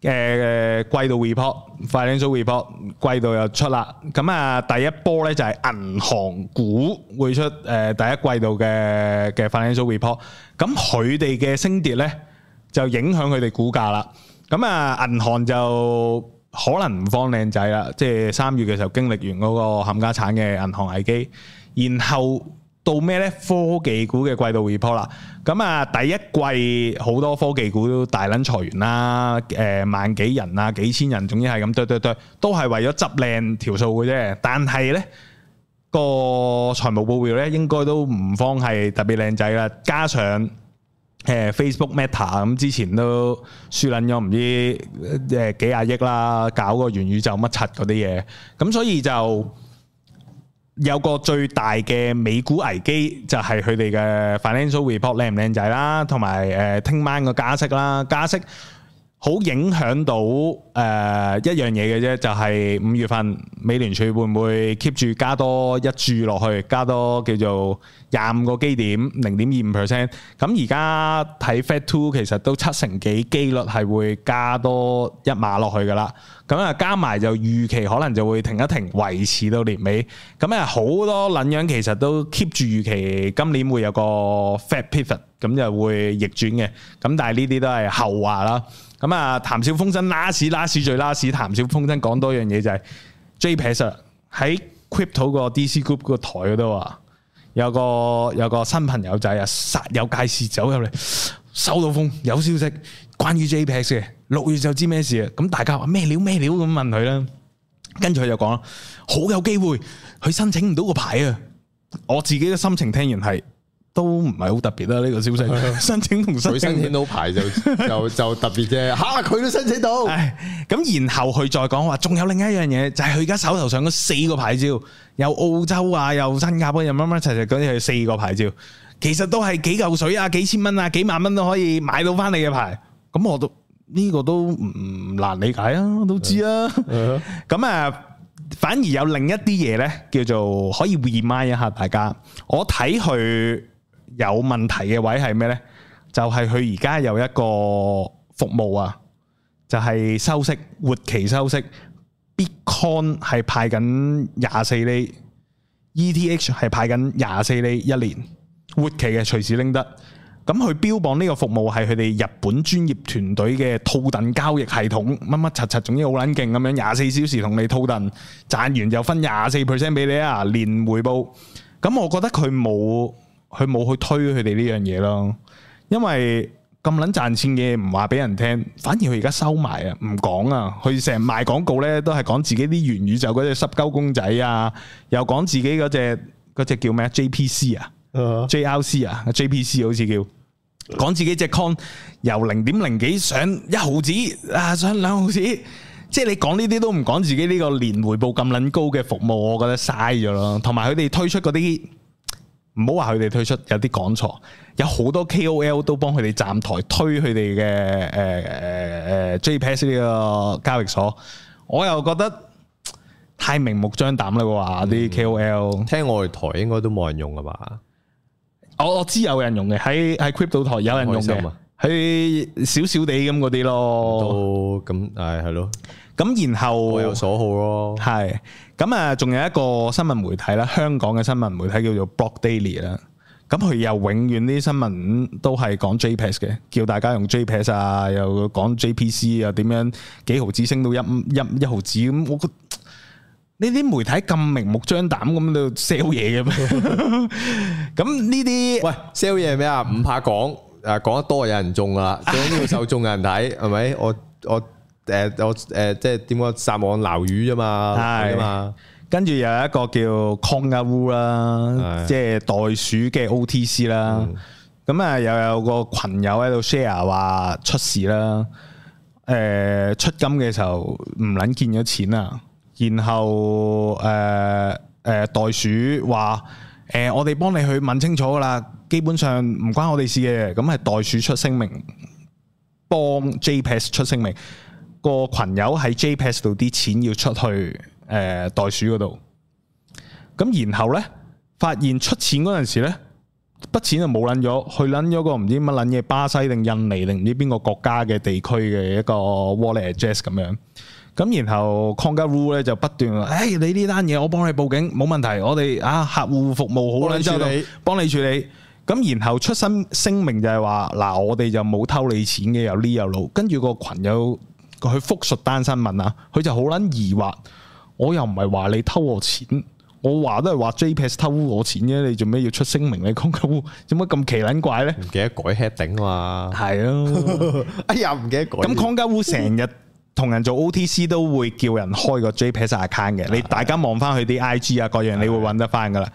誒，季度 report、financial report 季度又出啦，咁啊，第一波咧就係銀行股會出誒，第一季度嘅嘅 financial report，咁佢哋嘅升跌咧就影響佢哋股價啦。咁啊，銀行就可能唔放靚仔啦，即係三月嘅時候經歷完嗰個冚家鏟嘅銀行危機，然後到咩咧？科技股嘅季度 report 啦。咁啊，第一季好多科技股都大捻裁員啦，誒萬幾人啊，幾千人，總之係咁，對對對，都係為咗執靚條數嘅啫。但係咧，個財務報表咧應該都唔方係特別靚仔啦。加上誒 Facebook Meta 咁之前都輸撚咗唔知誒幾廿億啦，搞個元宇宙乜柒嗰啲嘢，咁所以就。有個最大嘅美股危機，就係佢哋嘅 financial report 靚唔靚仔啦，同埋誒聽晚個加息啦，加息。好影響到誒一樣嘢嘅啫，就係五月份美聯儲會唔會 keep 住加多一注落去，加多叫做廿五個基點零點二五 percent。咁而家睇 fat two 其實都七成幾機率係會加多一碼落去㗎啦。咁啊加埋就預期可能就會停一停，維持到年尾。咁啊好多撚樣其實都 keep 住預期今年會有個 fat pivot，咁就會逆轉嘅。咁但係呢啲都係後話啦。咁啊，譚少峰真拉屎拉屎最拉屎。譚少峰真講多樣嘢就係、是、JPEX 喺 Crypto 個 DC Group 嗰個台嗰度啊，有個有個新朋友仔啊，煞有介事走入嚟，收到風有消息關於 JPEX 嘅六月就知咩事啊？咁大家話咩料咩料咁問佢啦。跟住佢就講，好有機會佢申請唔到個牌啊！我自己嘅心情聽完係。都唔係好特別啦、啊，呢、這個消息 申請同佢申請到牌就就就特別啫，吓佢都申請到，咁然後佢再講話，仲有另一樣嘢就係佢而家手頭上嗰四個牌照，又澳洲啊，又新加坡，又乜乜齊齊嗰啲係四個牌照，其實都係幾嚿水啊，幾千蚊啊，幾萬蚊都可以買到翻嚟嘅牌，咁我都呢、這個都唔難理解啊，我都知啊，咁啊、嗯嗯， 反而有另一啲嘢呢，叫做可以 remind 一下大家，我睇佢。有問題嘅位係咩呢？就係佢而家有一個服務啊，就係、是、收息，活期收息。Bitcoin 係派緊廿四厘，ETH 係派緊廿四厘一年，活期嘅隨時拎得。咁佢標榜呢個服務係佢哋日本專業團隊嘅套戥交易系統，乜乜柒柒，總之好撚勁咁樣，廿四小時同你套戥，賺完就分廿四 percent 俾你啊，年回報。咁我覺得佢冇。佢冇去推佢哋呢樣嘢咯，因為咁撚賺錢嘅，唔話俾人聽，反而佢而家收埋啊，唔講啊，佢成日賣廣告咧，都係講自己啲元宇宙嗰隻濕鳩公仔啊，又講自己嗰隻嗰隻叫咩啊 JPC、啊 JLC、啊 JPC 好似叫講自己隻 con 由零點零幾上一毫子啊上兩毫子，即係你講呢啲都唔講自己呢個年回報咁撚高嘅服務，我覺得嘥咗咯，同埋佢哋推出嗰啲。唔好話佢哋退出，有啲講錯，有好多 KOL 都幫佢哋站台推佢哋嘅誒誒誒 JPAS 呢個交易所。我又覺得太明目張膽啦喎！啲 KOL、嗯、聽外台應該都冇人用噶吧？我我知有人用嘅，喺喺 Crypto 台有人用嘅，係少少地咁嗰啲咯。咁係係咯。咁、嗯、然後我有所好咯。係。咁啊，仲有一個新聞媒體啦，香港嘅新聞媒體叫做 Block Daily 啦。咁佢又永遠啲新聞都係講 JPAS 嘅，叫大家用 JPAS 啊，又講 JPC 又點樣幾毫紙升到一一一毫紙咁，我覺得呢啲媒體咁明目張膽咁都 sell 嘢嘅咩？咁呢啲喂 sell 嘢咩啊？唔怕講，誒講得多有人中啦，呢度受眾有人睇係咪？我我。誒、呃，我誒、呃，即係點講？撒網撈魚啊嘛，係嘛對？吧跟住又有一個叫 c o n 亞烏啦，即係袋鼠嘅 O T C 啦。咁啊、嗯，又有個群友喺度 share 話出事啦。誒、呃，出金嘅時候唔捻見咗錢啊！然後誒誒，袋、呃呃、鼠話：誒、呃，我哋幫你去問清楚噶啦，基本上唔關我哋事嘅。咁係袋鼠出聲明，幫 J P S 出聲明。個群友喺 JPay 度啲錢要出去誒袋鼠嗰度，咁然後咧發現出錢嗰陣時咧，筆錢就冇捻咗，去捻咗個唔知乜捻嘢巴西定印尼定唔知邊個國家嘅地區嘅一個 wallet address，咁樣，咁然後 Congguo 咧就不斷話誒，你呢單嘢我幫你報警，冇問題，我哋啊客戶服務好捻周到，幫你處理，咁然後出新聲明就係話嗱，我哋就冇偷你錢嘅，有呢有路，跟住個群友，佢去複述單新聞啊，佢就好撚疑惑。我又唔係話你偷我錢，我話都係話 JPS 偷我錢啫。你做咩要出聲明？你康家烏做乜咁奇撚怪咧？唔記得改 heading 嘛？係咯、啊， 哎呀，唔記得改。咁康家烏成日。同人做 OTC 都會叫人開個 JPS account 嘅，的你大家望翻佢啲 IG 啊，各樣的你會揾得翻噶啦。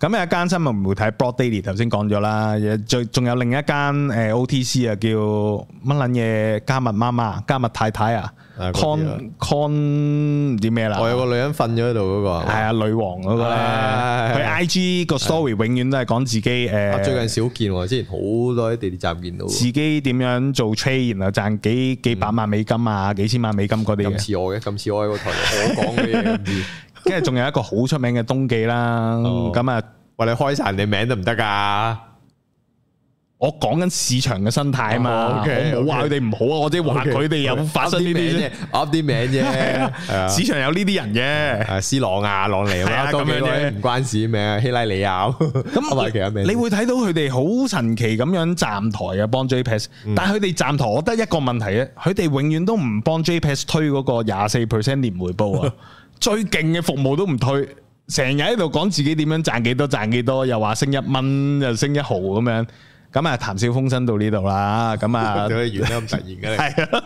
咁有一間新聞媒體 Broad Daily 頭先講咗啦，最仲有另一間 OTC 啊，叫乜撚嘢？加密媽媽、加密太太啊。啊啊、Con Con 唔知咩啦？我有個女人瞓咗喺度嗰個，係啊，女王嗰、那個咧。佢 IG 個 story 永遠都係講自己誒、啊呃啊，最近少見喎，之前好多喺地鐵站見到。自己點樣做 train 然後賺幾幾百萬美金啊，幾千萬美金嗰啲嘅。咁似我嘅，咁似我嗰台 我講嘅嘢，跟住仲有一個好出名嘅冬記啦。咁啊， 話你開晒人哋名得唔得噶。我講緊市場嘅生態啊嘛，我冇話佢哋唔好啊，我只係話佢哋有發生呢啲，啱啲名啫。啊、市場有呢啲人嘅，啊斯諾亞、朗嚟，啊，當唔、啊啊、關事啲、啊、名。啊、希拉里亞咁、啊嗯啊嗯，你會睇到佢哋好神奇咁樣站台啊、嗯，幫 JPEX。但係佢哋站台，我得一個問題啊，佢哋永遠都唔幫 JPEX 推嗰個廿四 percent 年回報啊，最勁嘅服務都唔推，成日喺度講自己點樣賺幾多賺幾多，又話升一蚊又升一毫咁樣。咁啊，談笑風生到呢度啦，咁啊，點解完得咁突然嘅？係啊，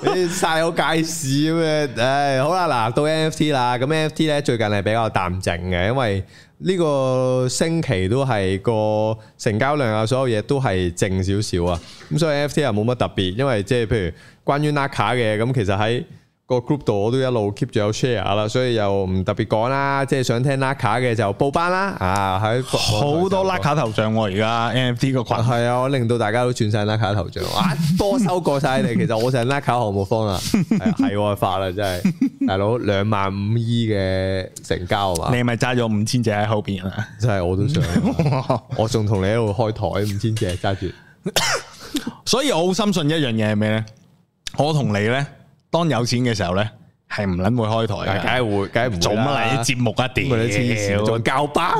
曬有界事咁嘅，唉，好啦，嗱，到 NFT 啦，咁 NFT 咧，最近係比較淡靜嘅，因為呢個星期都係個成交量啊，所有嘢都係靜少少啊，咁所以 NFT 又冇乜特別，因為即係譬如關於 Naka 嘅，咁其實喺，個 group 度我都一路 keep 住有 share 啦，所以又唔特別講啦。即係想聽 Laka 嘅就報班啦。啊喺好多 Laka 頭像我而家 NFT 個群係啊，令到大家都轉晒 Laka 頭像啊，多收過晒你。其實我就係 Laka 項目方啦，啊，係、 哎、發啦真係大佬兩萬五億嘅成交啊嘛。你咪揸咗五千隻喺後邊啊，真係我都想， 我仲同你一路開台五千隻揸住。5, 所以我好深信一樣嘢係咩咧？我同你咧。當有錢嘅時候咧，係唔捻會開台，梗係會，梗係唔做乜嘢節目啊。點會有錢？做教班，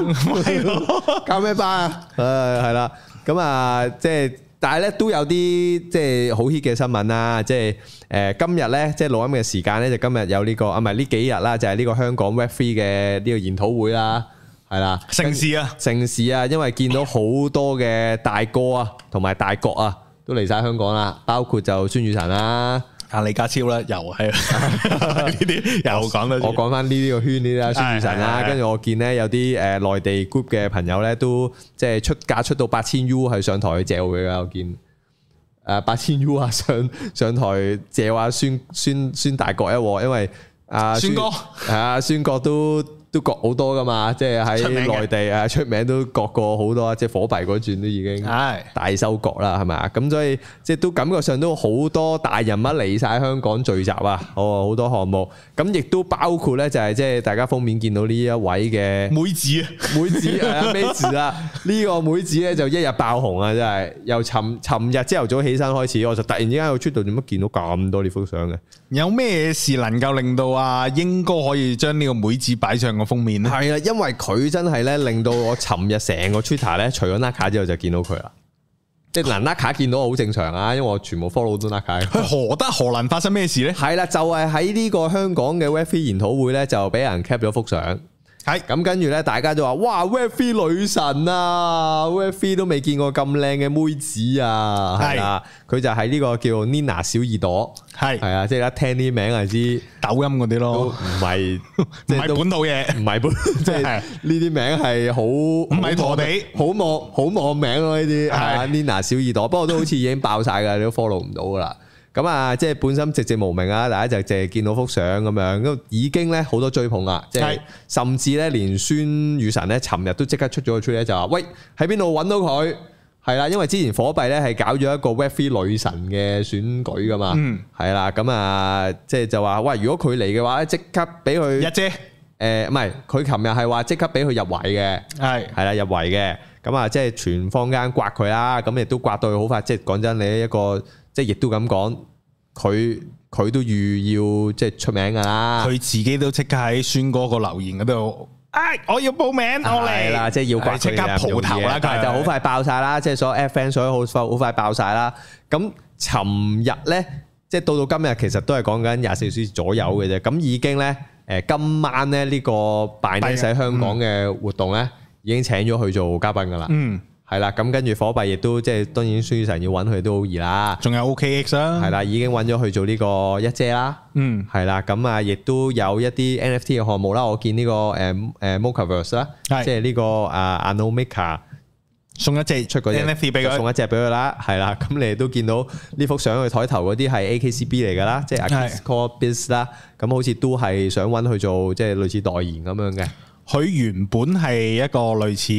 教咩班？誒，係啦，咁啊，即係，但係咧都有啲即係好 hit 嘅新聞啊！即係誒，今日咧，即係錄音嘅時間咧，就今日有呢個啊，唔係呢幾日啦，就係呢個香港 Web Three 嘅呢個研討會啦，係啦，城市啊，城市啊，因為見到好多嘅大哥啊，同埋大國啊，都嚟晒香港啦，包括就孫宇晨啦。阿李家超啦，又係呢啲又講到，我講翻呢啲個圈呢啲啊，孫宇晨啦，跟住我見咧有啲誒內地 group 嘅朋友咧，都即係出價出到八千 U 係上台借會噶，我見誒八千 U 啊上上台借話孫孫孫大國一鑊，因為阿孫、啊、哥係啊孫哥都。都割好多㗎嘛，即係喺內地啊出名都割過好多，啊，即係火幣嗰轉都已經，係大收割啦，係咪啊？咁所以即係都感覺上都好多大人物嚟晒香港聚集啊！哦，好多項目咁，亦都包括咧就係即係大家封面見到呢一位嘅妹子啊，妹子啊妹子啊，呢 個妹子咧就一日爆紅啊！真係由尋尋日朝頭早起身開始，我就突然之間又出到點解見到咁多呢幅相嘅？有咩事能夠令到啊鷹哥可以將呢個妹子擺上個？封面啊，係啊，因為佢真係咧令到我尋日成個 Twitter 咧，除咗 Naka 之後就見到佢啦。即係嗱 ，Naka 見到好正常啊，因為我全部 follow 咗 Naka。何德何能發生咩事咧？係啦，就係喺呢個香港嘅 Web3 研討會咧，就俾人 cap 咗幅相。係咁，跟住咧，大家都話哇，Wavy 女神啊，Wavy 都未見過咁靚嘅妹子啊，係啦，佢就係呢個叫 Nina 小耳朵，係係啊，即係一聽啲名係知抖音嗰啲咯，唔係唔係本土嘢，唔係本，即係呢啲名係好唔係陀地，好網好網名咯呢啲，係 Nina 小耳朵，不過都好似已經爆晒噶，你都 follow 唔到噶啦。咁啊，即係本身寂寂無名啊，大家就淨係見到幅相咁樣，咁已經咧好多追捧啦。即係甚至咧，連孫宇晨咧，尋日都即刻出咗出咧，就話喂喺邊度揾到佢？係啦，因為之前火幣咧係搞咗一個 Web3 女神嘅選舉噶嘛，係啦。咁啊，即係就話喂，如果佢嚟嘅話，即刻俾佢入啫。誒，唔係，佢尋日係話即刻俾佢入圍嘅。係。係啦，入圍嘅。咁啊，即係全坊間刮佢啦。咁亦都刮到佢好快。即係講真，你一個。即係亦都咁講，佢佢都預要即係出名㗎啦。佢自己都即刻喺孫哥個留言嗰度，哎，我要報名，我嚟。係啦，即係要快，即刻蒲頭啦，咁就好快爆曬啦。即係所有 at fans，所有好快好快爆曬啦。咁尋日咧，即係到到今日，其實都係講緊廿四小時左右嘅啫。咁已經咧，誒今晚咧呢個 Binance 香港嘅活動咧，已經請咗佢做嘉賓㗎啦。嗯。係啦，咁跟住火幣亦都即係當然，孫晨要揾佢都好易啦。仲有 OKX 啦，係啦，已經揾咗去做呢個一姐啦。嗯，係啦，咁啊，亦都有一啲 NFT 嘅項目啦。我見呢個誒誒 Mokaverse 啦，即係呢個啊 Anomica 送一隻出嗰啲 NFT 俾佢，送一隻俾佢啦。係啦，咁你都見到呢幅相，佢台頭嗰啲係 AKCB 嚟噶啦，即係 Arkiscorebits 啦，咁好似都係想揾佢去做即係類似代言咁樣嘅。佢原本係一個類似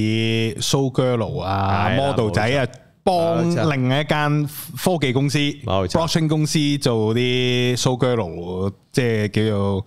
showgirl 啊、哎、呀 model 仔啊，錯幫另一間科技公司、boxing 公司做啲 showgirl，即係叫做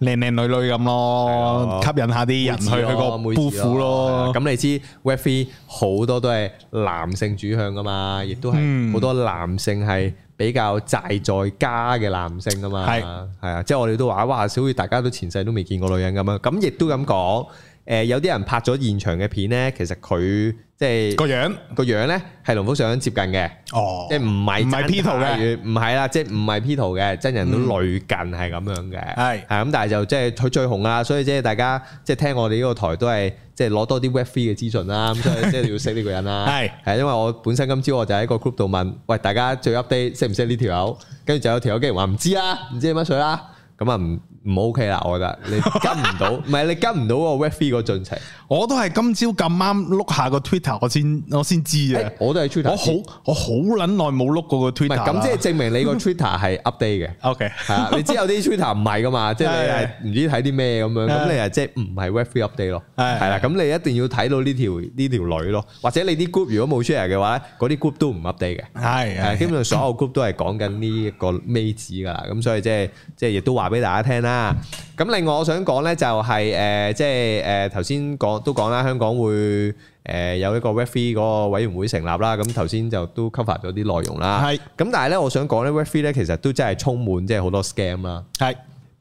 靚靚女女咁咯，吸引下啲人去去個布富咯。咁、啊、你知 Wefy 好多都係男性主向噶嘛，亦都係好多男性係。嗯比較宅在家嘅男性啊嘛，係係是啊，即係我哋都話哇，好似大家都前世都未見過女人咁啊，咁亦都咁講。誒有啲人拍咗現場嘅片咧，其實佢即係個樣個樣咧係同幅相接近嘅，哦、即係唔係唔係 P 圖嘅，唔係啦，即係唔係 P 圖嘅，嗯、真人都類近係咁樣嘅，係係咁，但係就即係佢最紅啊，所以即係大家即係、就是、聽我哋呢個台都係即係攞多啲 Web Three 嘅資訊啦，咁所以即係要識呢個人啦，係係 是因為我本身今朝我就喺個 group 度問，喂大家最 update 識唔識呢條友？跟住就有條友竟然話唔知啦，唔知乜水啦，咁啊唔～唔 OK 啦，我覺得你跟唔到，唔係 你跟唔到個 Web 3個進程。我都係今朝咁啱碌下個 Twitter，我先我先知嘅。我都係 Twitter，我好 Tw 我好撚耐冇碌過個 Twitter。咁即係證明你個 Twitter 係 update 嘅。OK，係 你知有啲 Twitter 唔係㗎嘛？即係你係唔知睇啲咩咁樣。咁 你係即係唔係 Web 3 update 咯？係係啦。咁 你一定要睇到呢條呢條女咯。或者你啲 group 如果冇 share 嘅話，嗰啲 group 都唔 update 嘅。係 基本上所有 group 都係講緊呢個妹子㗎啦。咁所以即係即係亦都話俾大家聽啦。啊，咁另外我想講咧就係誒，即係誒，頭先講都講啦，香港會誒有一個 Web3 嗰個委員會成立啦。咁頭先就都 cover 咗啲內容啦。係，咁但係咧，我想講咧 Web3 咧，其實都真係充滿即係好多 scam 啦。係，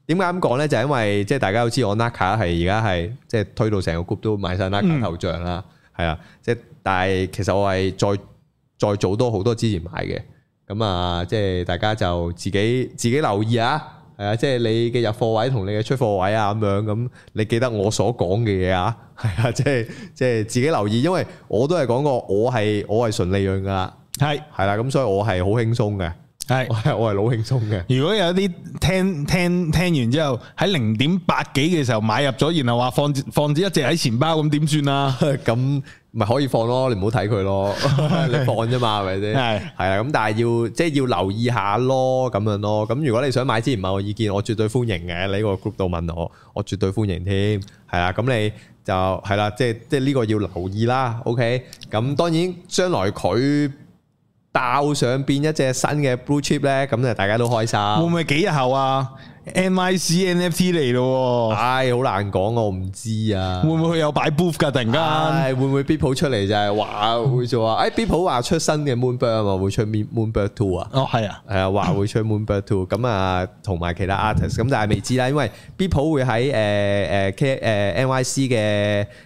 點解咁講咧？就因為即係大家都知我 NACA 係而家係即係推到成個 group 都買晒 NACA 頭像啦。係啊，即係但係其實我係再再做多好多之前買嘅。咁啊，即係大家就自己自己留意啊。係啊，即係你嘅入貨位同你嘅出貨位啊，咁樣咁，你記得我所講嘅嘢啊，係啊，即係即係自己留意，因為我都係講過我，我係我係純利潤㗎喇，係係啦，咁所以我係好輕鬆嘅。係，我係我係老輕鬆嘅。如果有啲聽聽聽完之後喺零點八幾嘅時候買入咗，然後話放放置一隻喺錢包咁點算啊？咁咪可以放咯，你唔好睇佢咯，你放啫嘛，係咪先？係係啊，咁但係要即係要留意下咯，咁樣咯。咁如果你想買之前，問我意見，我絕對歡迎嘅。你個 group 度問我，我絕對歡迎添。係啊，咁你就係啦，即係即係呢個要留意啦。OK，咁當然將來佢。到上邊一隻新嘅 blue chip 咧，咁就大家都開心。會唔會幾日後啊？N Y C N F T 嚟咯，唉好難講，我唔知啊。會唔會有擺 booth 噶？突然間，會唔會 Beeple 出嚟就係話會做啊？誒，Beeple 話出新嘅 Moonbird 啊，會出 MoonMoonbird two 啊。哦，係啊。誒，話會出 Moonbird two，咁啊，同埋其他 artist，咁但係未知啦，因為 Beeple 會喺誒誒 K 誒 N Y C 嘅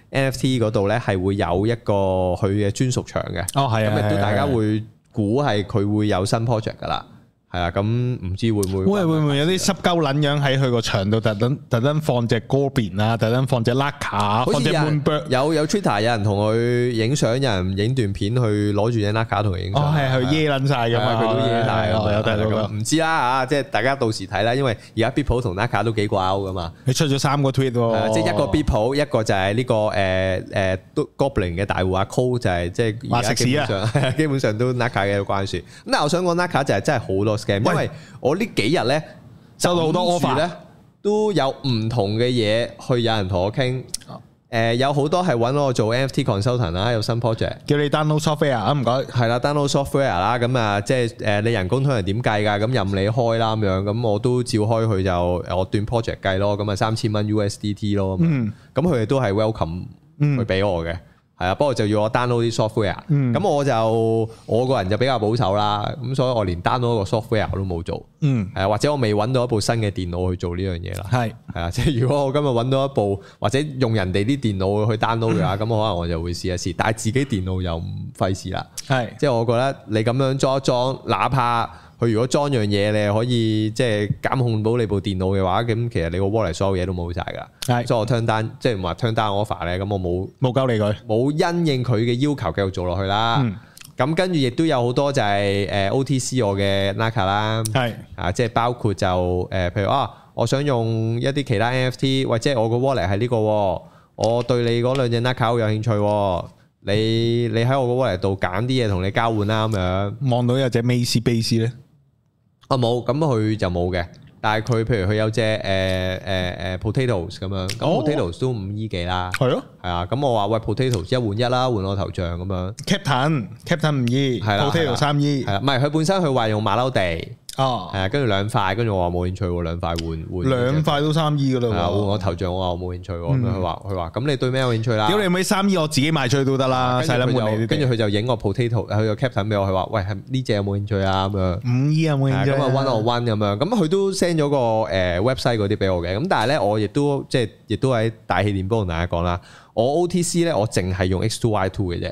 N F T 嗰度咧，係會有一個佢嘅專屬場嘅。哦，係啊。咁啊，都大家會。估係佢會有新 project 噶啦。係啊，咁唔知會唔會會唔會有啲濕鳩撚樣喺佢個牆度特登特登放隻 Goblin 啊，特登放隻 Naka，放隻 Moonbird。有有 Twitter 有人同佢影相，有人影段片去攞住隻 Naka 同佢影相。係佢耶撚曬㗎嘛，佢都耶曬。有睇到㗎，唔知啦，即係大家到時睇啦。因為而家 Bitpo 同 Naka 都幾掛鈎㗎嘛。佢出咗三個推喎，即係一個 Bitpo，一個就係呢個誒誒 Goblin 嘅大護阿 Cole 就係，即係基本上都 Naka 嘅關事，咁我想講 Naka 就係真係好多。因為我呢幾日呢收到好多 offer 呢，都有唔同嘅嘢去有人同我傾。誒有好多係揾我做 NFT consultant 啦，有新 project 叫你 download software 啊，唔該，係啦 download software 啦，咁啊即係誒你人工通常點計㗎？咁任你開啦咁樣，咁我都照開佢就我斷 project 計咯，咁啊三千蚊 USDT 咯，咁佢哋都係 welcome 佢俾我嘅。啊！不過就要我 download 啲 software，咁我就我個人就比較保守啦。咁所以我連 download 一個 software 都冇做。嗯，係或者我未揾到一部新嘅電腦去做呢樣嘢啦。係係啊，即係如果我今日揾到一部或者用人哋啲電腦去 download 嘅話，咁、嗯、可能我就會試一試。但係自己電腦又唔費事啦。係是，即係我覺得你咁樣裝一裝，哪怕。佢如果裝樣嘢你可以即係監控到你部電腦嘅話，咁其實你個 wallet 所有嘢都冇晒噶。係的，所以我 turn down，即唔話 turn down offer 咧，咁我冇冇交理佢，冇因應佢嘅要求繼續做落去啦。咁跟住亦都有好多就係誒 OTC 我嘅 NACA 啦的，係啊，即係包括就誒，譬如啊，我想用一啲其他 NFT，或者我個 wallet 係呢個，我對你嗰兩隻 NACA 好有興趣，你你喺我個 wallet 度揀啲嘢同你交換啦咁樣。望的到有隻 base base 咧。冇，咁佢、哦、就冇嘅。但係佢譬如佢有隻誒誒、呃、誒、呃呃、potatoes 咁樣，咁 potatoes 都五依幾啦。係咯，係啊。咁我話喂 potatoes 一換一啦，換我頭像咁樣。Captain，Captain 五 Captain 依，potatoes 三依、e。係啊，唔係佢本身佢話用馬騮地。哦、啊，係啊，跟住兩塊，跟住我話冇興趣，兩塊換換兩塊都三依噶啦，啊、換我頭像我話我冇興趣，咁佢話佢話咁你對咩有興趣啦？屌你咪三依，我自己賣出去都得啦，細粒跟住佢就影個 potato，佢又 caption 俾我，佢話喂，呢隻有冇興趣啊？咁、e、樣五依有冇興趣、啊？咁啊 one on one 咁樣，咁、嗯、佢都 send 咗個誒 website 嗰啲俾我嘅，咁但係咧我亦都即係亦都喺大氣電波同大家講啦，我 OTC 咧我淨係用 X two Y two 嘅啫。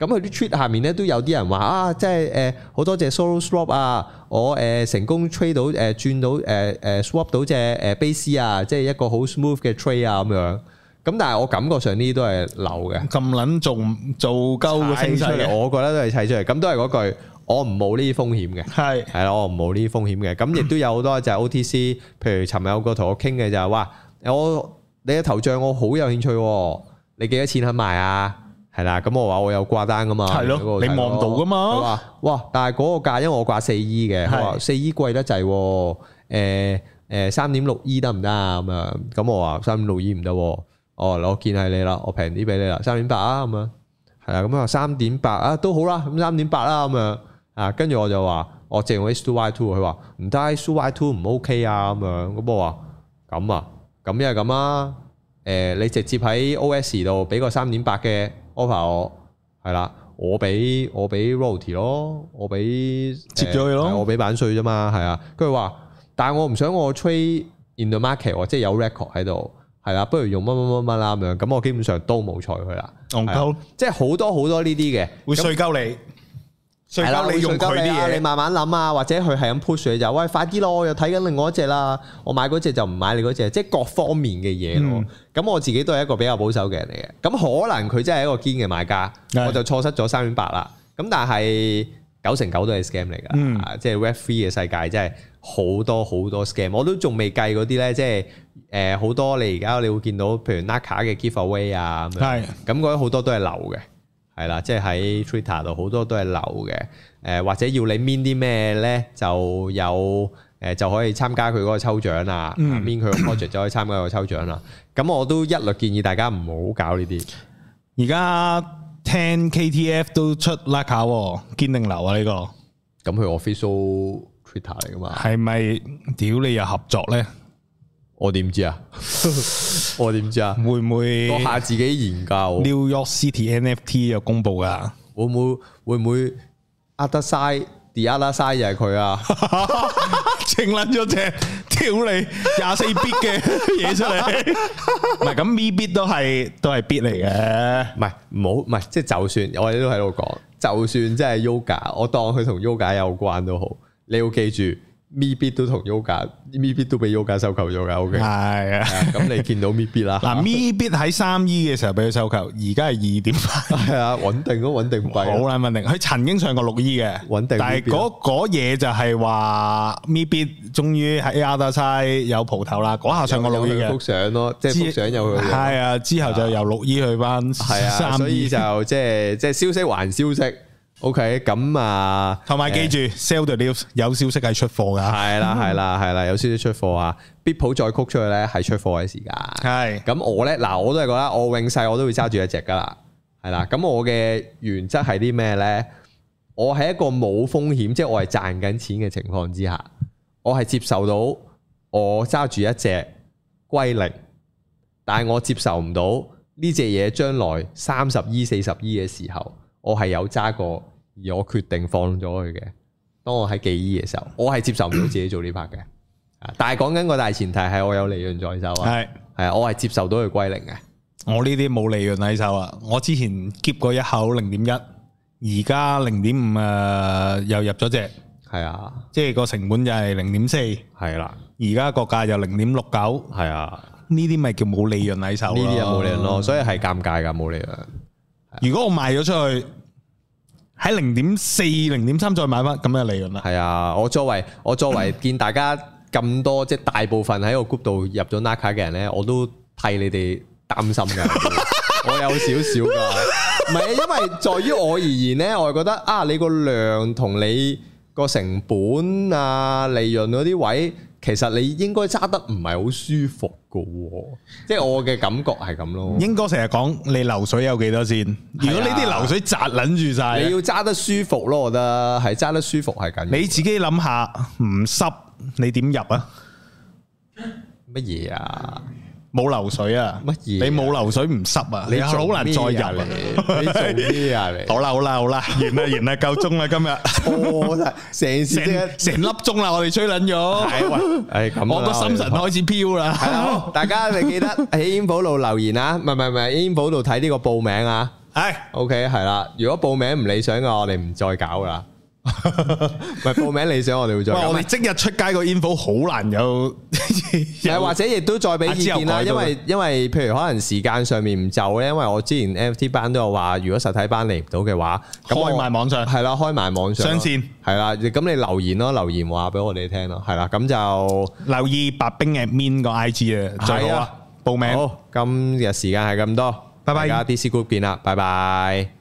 咁佢啲 tweet 下面咧都有啲人話啊，即係誒好多隻 solo swap 啊，我、呃、誒成功 trade 到誒轉到誒誒、呃、swap 到隻誒 base 啊，即係一個好 smooth 嘅 trade 啊咁樣。咁但係我感覺上呢啲都係流嘅，咁捻做做鳩嘅聲出嚟，我覺得都係砌出嚟。咁都係嗰句，我唔冇呢啲風險嘅。係係啦，我唔冇呢啲風險嘅。咁亦都有好多隻 OTC，譬如尋日有個同我傾嘅就係、是、哇，我你嘅頭像我好有興趣，你幾多錢肯賣啊？係啦，咁我話我有掛單噶嘛，係咯你望到噶嘛？佢話哇，但係嗰個價因為我掛四 E 嘅，佢話四 E 貴得滯，誒誒三點六 E 得唔得啊？咁樣啊，咁我話三點六 E 唔得，哦，我見係你啦，我平啲俾你啦，三點八啊，咁啊，係啊，咁啊三點八啊，都好啦，咁三點八啦，咁樣啊，跟住我就話我淨用 S two y two，佢話唔得，S two y two 唔 ok 啊，咁樣，咁我話咁啊，咁因為咁啊，誒，你直接喺 OS 度俾個三點八嘅。offer 我係啦，我俾我俾 royalty 咯，我俾接咗佢咯，嗯、我俾版稅啫嘛，係啊。佢話，但係我唔想我 trade in the market，即係有 record 喺度，係啦，不如用乜乜乜乜啦咁樣，咁我基本上都冇睬佢啦。戇即係好多好多呢啲嘅，會衰鳩你。那係啦，你用佢啲嘢，你慢慢諗啊，或者佢係咁 push 你，就喂，快啲咯，又睇緊另外一隻啦，我買嗰隻就唔買你嗰隻，即係各方面嘅嘢咯。咁、嗯、我自己都係一個比較保守嘅人嚟嘅，咁可能佢真係一個堅嘅買家，我就錯失咗三萬八啦。咁但係九成九都係 scam 嚟噶，即係 Web Three 嘅世界真係好多好多 scam，我都仲未計嗰啲咧，即係誒好多你而家你會見到，譬如 Naka 嘅 giveaway 啊，係咁嗰啲好多都係流嘅。係啦，即係喺 Twitter 度好多都係流嘅，誒或者要你 mint 啲咩咧，就有誒就可以參加佢嗰個抽獎啊，mint 佢個 project 就可以參加個抽獎啦。咁我都一律建議大家唔好搞呢啲。而家聽 KTF 都出拉卡，堅定流啊呢個，咁佢 official Twitter 嚟噶嘛？係咪屌你又合作咧？我點知啊？我點知啊？ 會唔會下自己研究？New York City NFT 又公布噶？會唔會？會唔會？Otherside、the Otherside 又係佢啊？情捻咗只跳嚟，廿四 bit 嘅嘢出嚟，唔係咁 bit 都係都係 bit 嚟嘅。唔係，唔好，唔係，即係就算我哋都喺度講，就算真係 Yuga 我當佢同 Yuga 有關都好，你要記住。Mebit 都同 Yoga，Mebit 都俾 Yoga 收購咗噶，OK。係啊，咁你見到 Mebit 啦。嗱 Mebit 喺三 E 嘅時候俾佢收購，而家係二點八。係啊，穩定咯，穩定。好啦，穩定。佢曾經上過六 E 嘅，穩定。但係嗰嘢就係話 Mebit 終於喺 Artsi 有蒲頭啦。嗰下上過六 E 嘅。幅相咯，即係幅相有佢。係啊，之後就由六 E 去翻，係啊，三 E 就即係即係消息還消息。O K，咁啊，同埋、okay, 嗯、記住是，sell the news 有消息係出貨噶，係啦，係啦，係啦，有消息出貨啊 b i p 再曲出去咧係出貨嘅時間，係的。咁我咧，嗱、啊，我都係覺得我永世我都會揸住一隻噶啦，係啦。咁我嘅原則係啲咩咧？我喺一個冇風險，即、就、係、是、我係賺緊錢嘅情況之下，我係接受到我揸住一隻歸零，但係我接受唔到呢隻嘢將來三十億四十億嘅時候。我係有揸過，而我決定放咗佢嘅。當我喺記憶嘅時候，我係接受唔到自己做呢 part 嘅。但係講緊個大前提係我有利潤在手啊。係係啊，我係接受到佢歸零嘅。我呢啲冇利潤喺手啊。我之前接過一口零點一，而家零點五啊，又入咗隻。係啊的，即係個成本就係零點四。係啦的，而家個價就零點六九。係啊、嗯，呢啲咪叫冇利潤喺手呢啲冇利潤咯，所以係尷尬噶冇利潤。如果我賣咗出去，喺零點四、零點三再買翻，咁樣利潤啦。係啊，我作為我作為見大家咁多 即係大部分喺個 group 度入咗 Naka 嘅人咧，我都替你哋擔心噶， 我有少少噶。唔係，因為在於我而言咧，我係覺得啊，你個量同你個成本啊、利潤嗰啲位。其實你應該揸得唔係好舒服噶，即係我嘅感覺係咁咯。英哥成日講，你流水有幾多先？啊、如果你啲流水扎捻住晒，你要揸得舒服咯，我覺得係揸得舒服係緊。你自己諗下，唔濕你點入啊？乜嘢啊？冇流水啊！乜嘢？你冇流水唔濕啊！你好難再入啊！你做咩啊？好啦好啦好啦，完啦完啦，夠鐘啦今日。哦，成成成粒鐘啦，我哋吹撚咗。係啊，喂，我個心神開始飄啦。係啊，大家咪記得喺 IG po 度留言啊，唔係唔係唔係 IG po 度睇呢個報名啊。係，OK，係啦。如果報名唔理想嘅，我哋唔再搞啦。唔係報名理想，我哋會再。我哋即日出街個 info 好難有，係或者亦都再俾意見啦。因為因為譬如可能時間上面唔就咧，因為我之前 NFT 班都有話，如果實體班嚟唔到嘅話，咁開埋網上係啦，開埋網上上線係啦。咁你留言咯，留言話俾我哋聽咯，係啦。咁就留意白兵嘅 min 個 IG 啊，最好啊，報名。好，今日時間係咁多，拜拜。大家 D C Group 見啦，拜拜。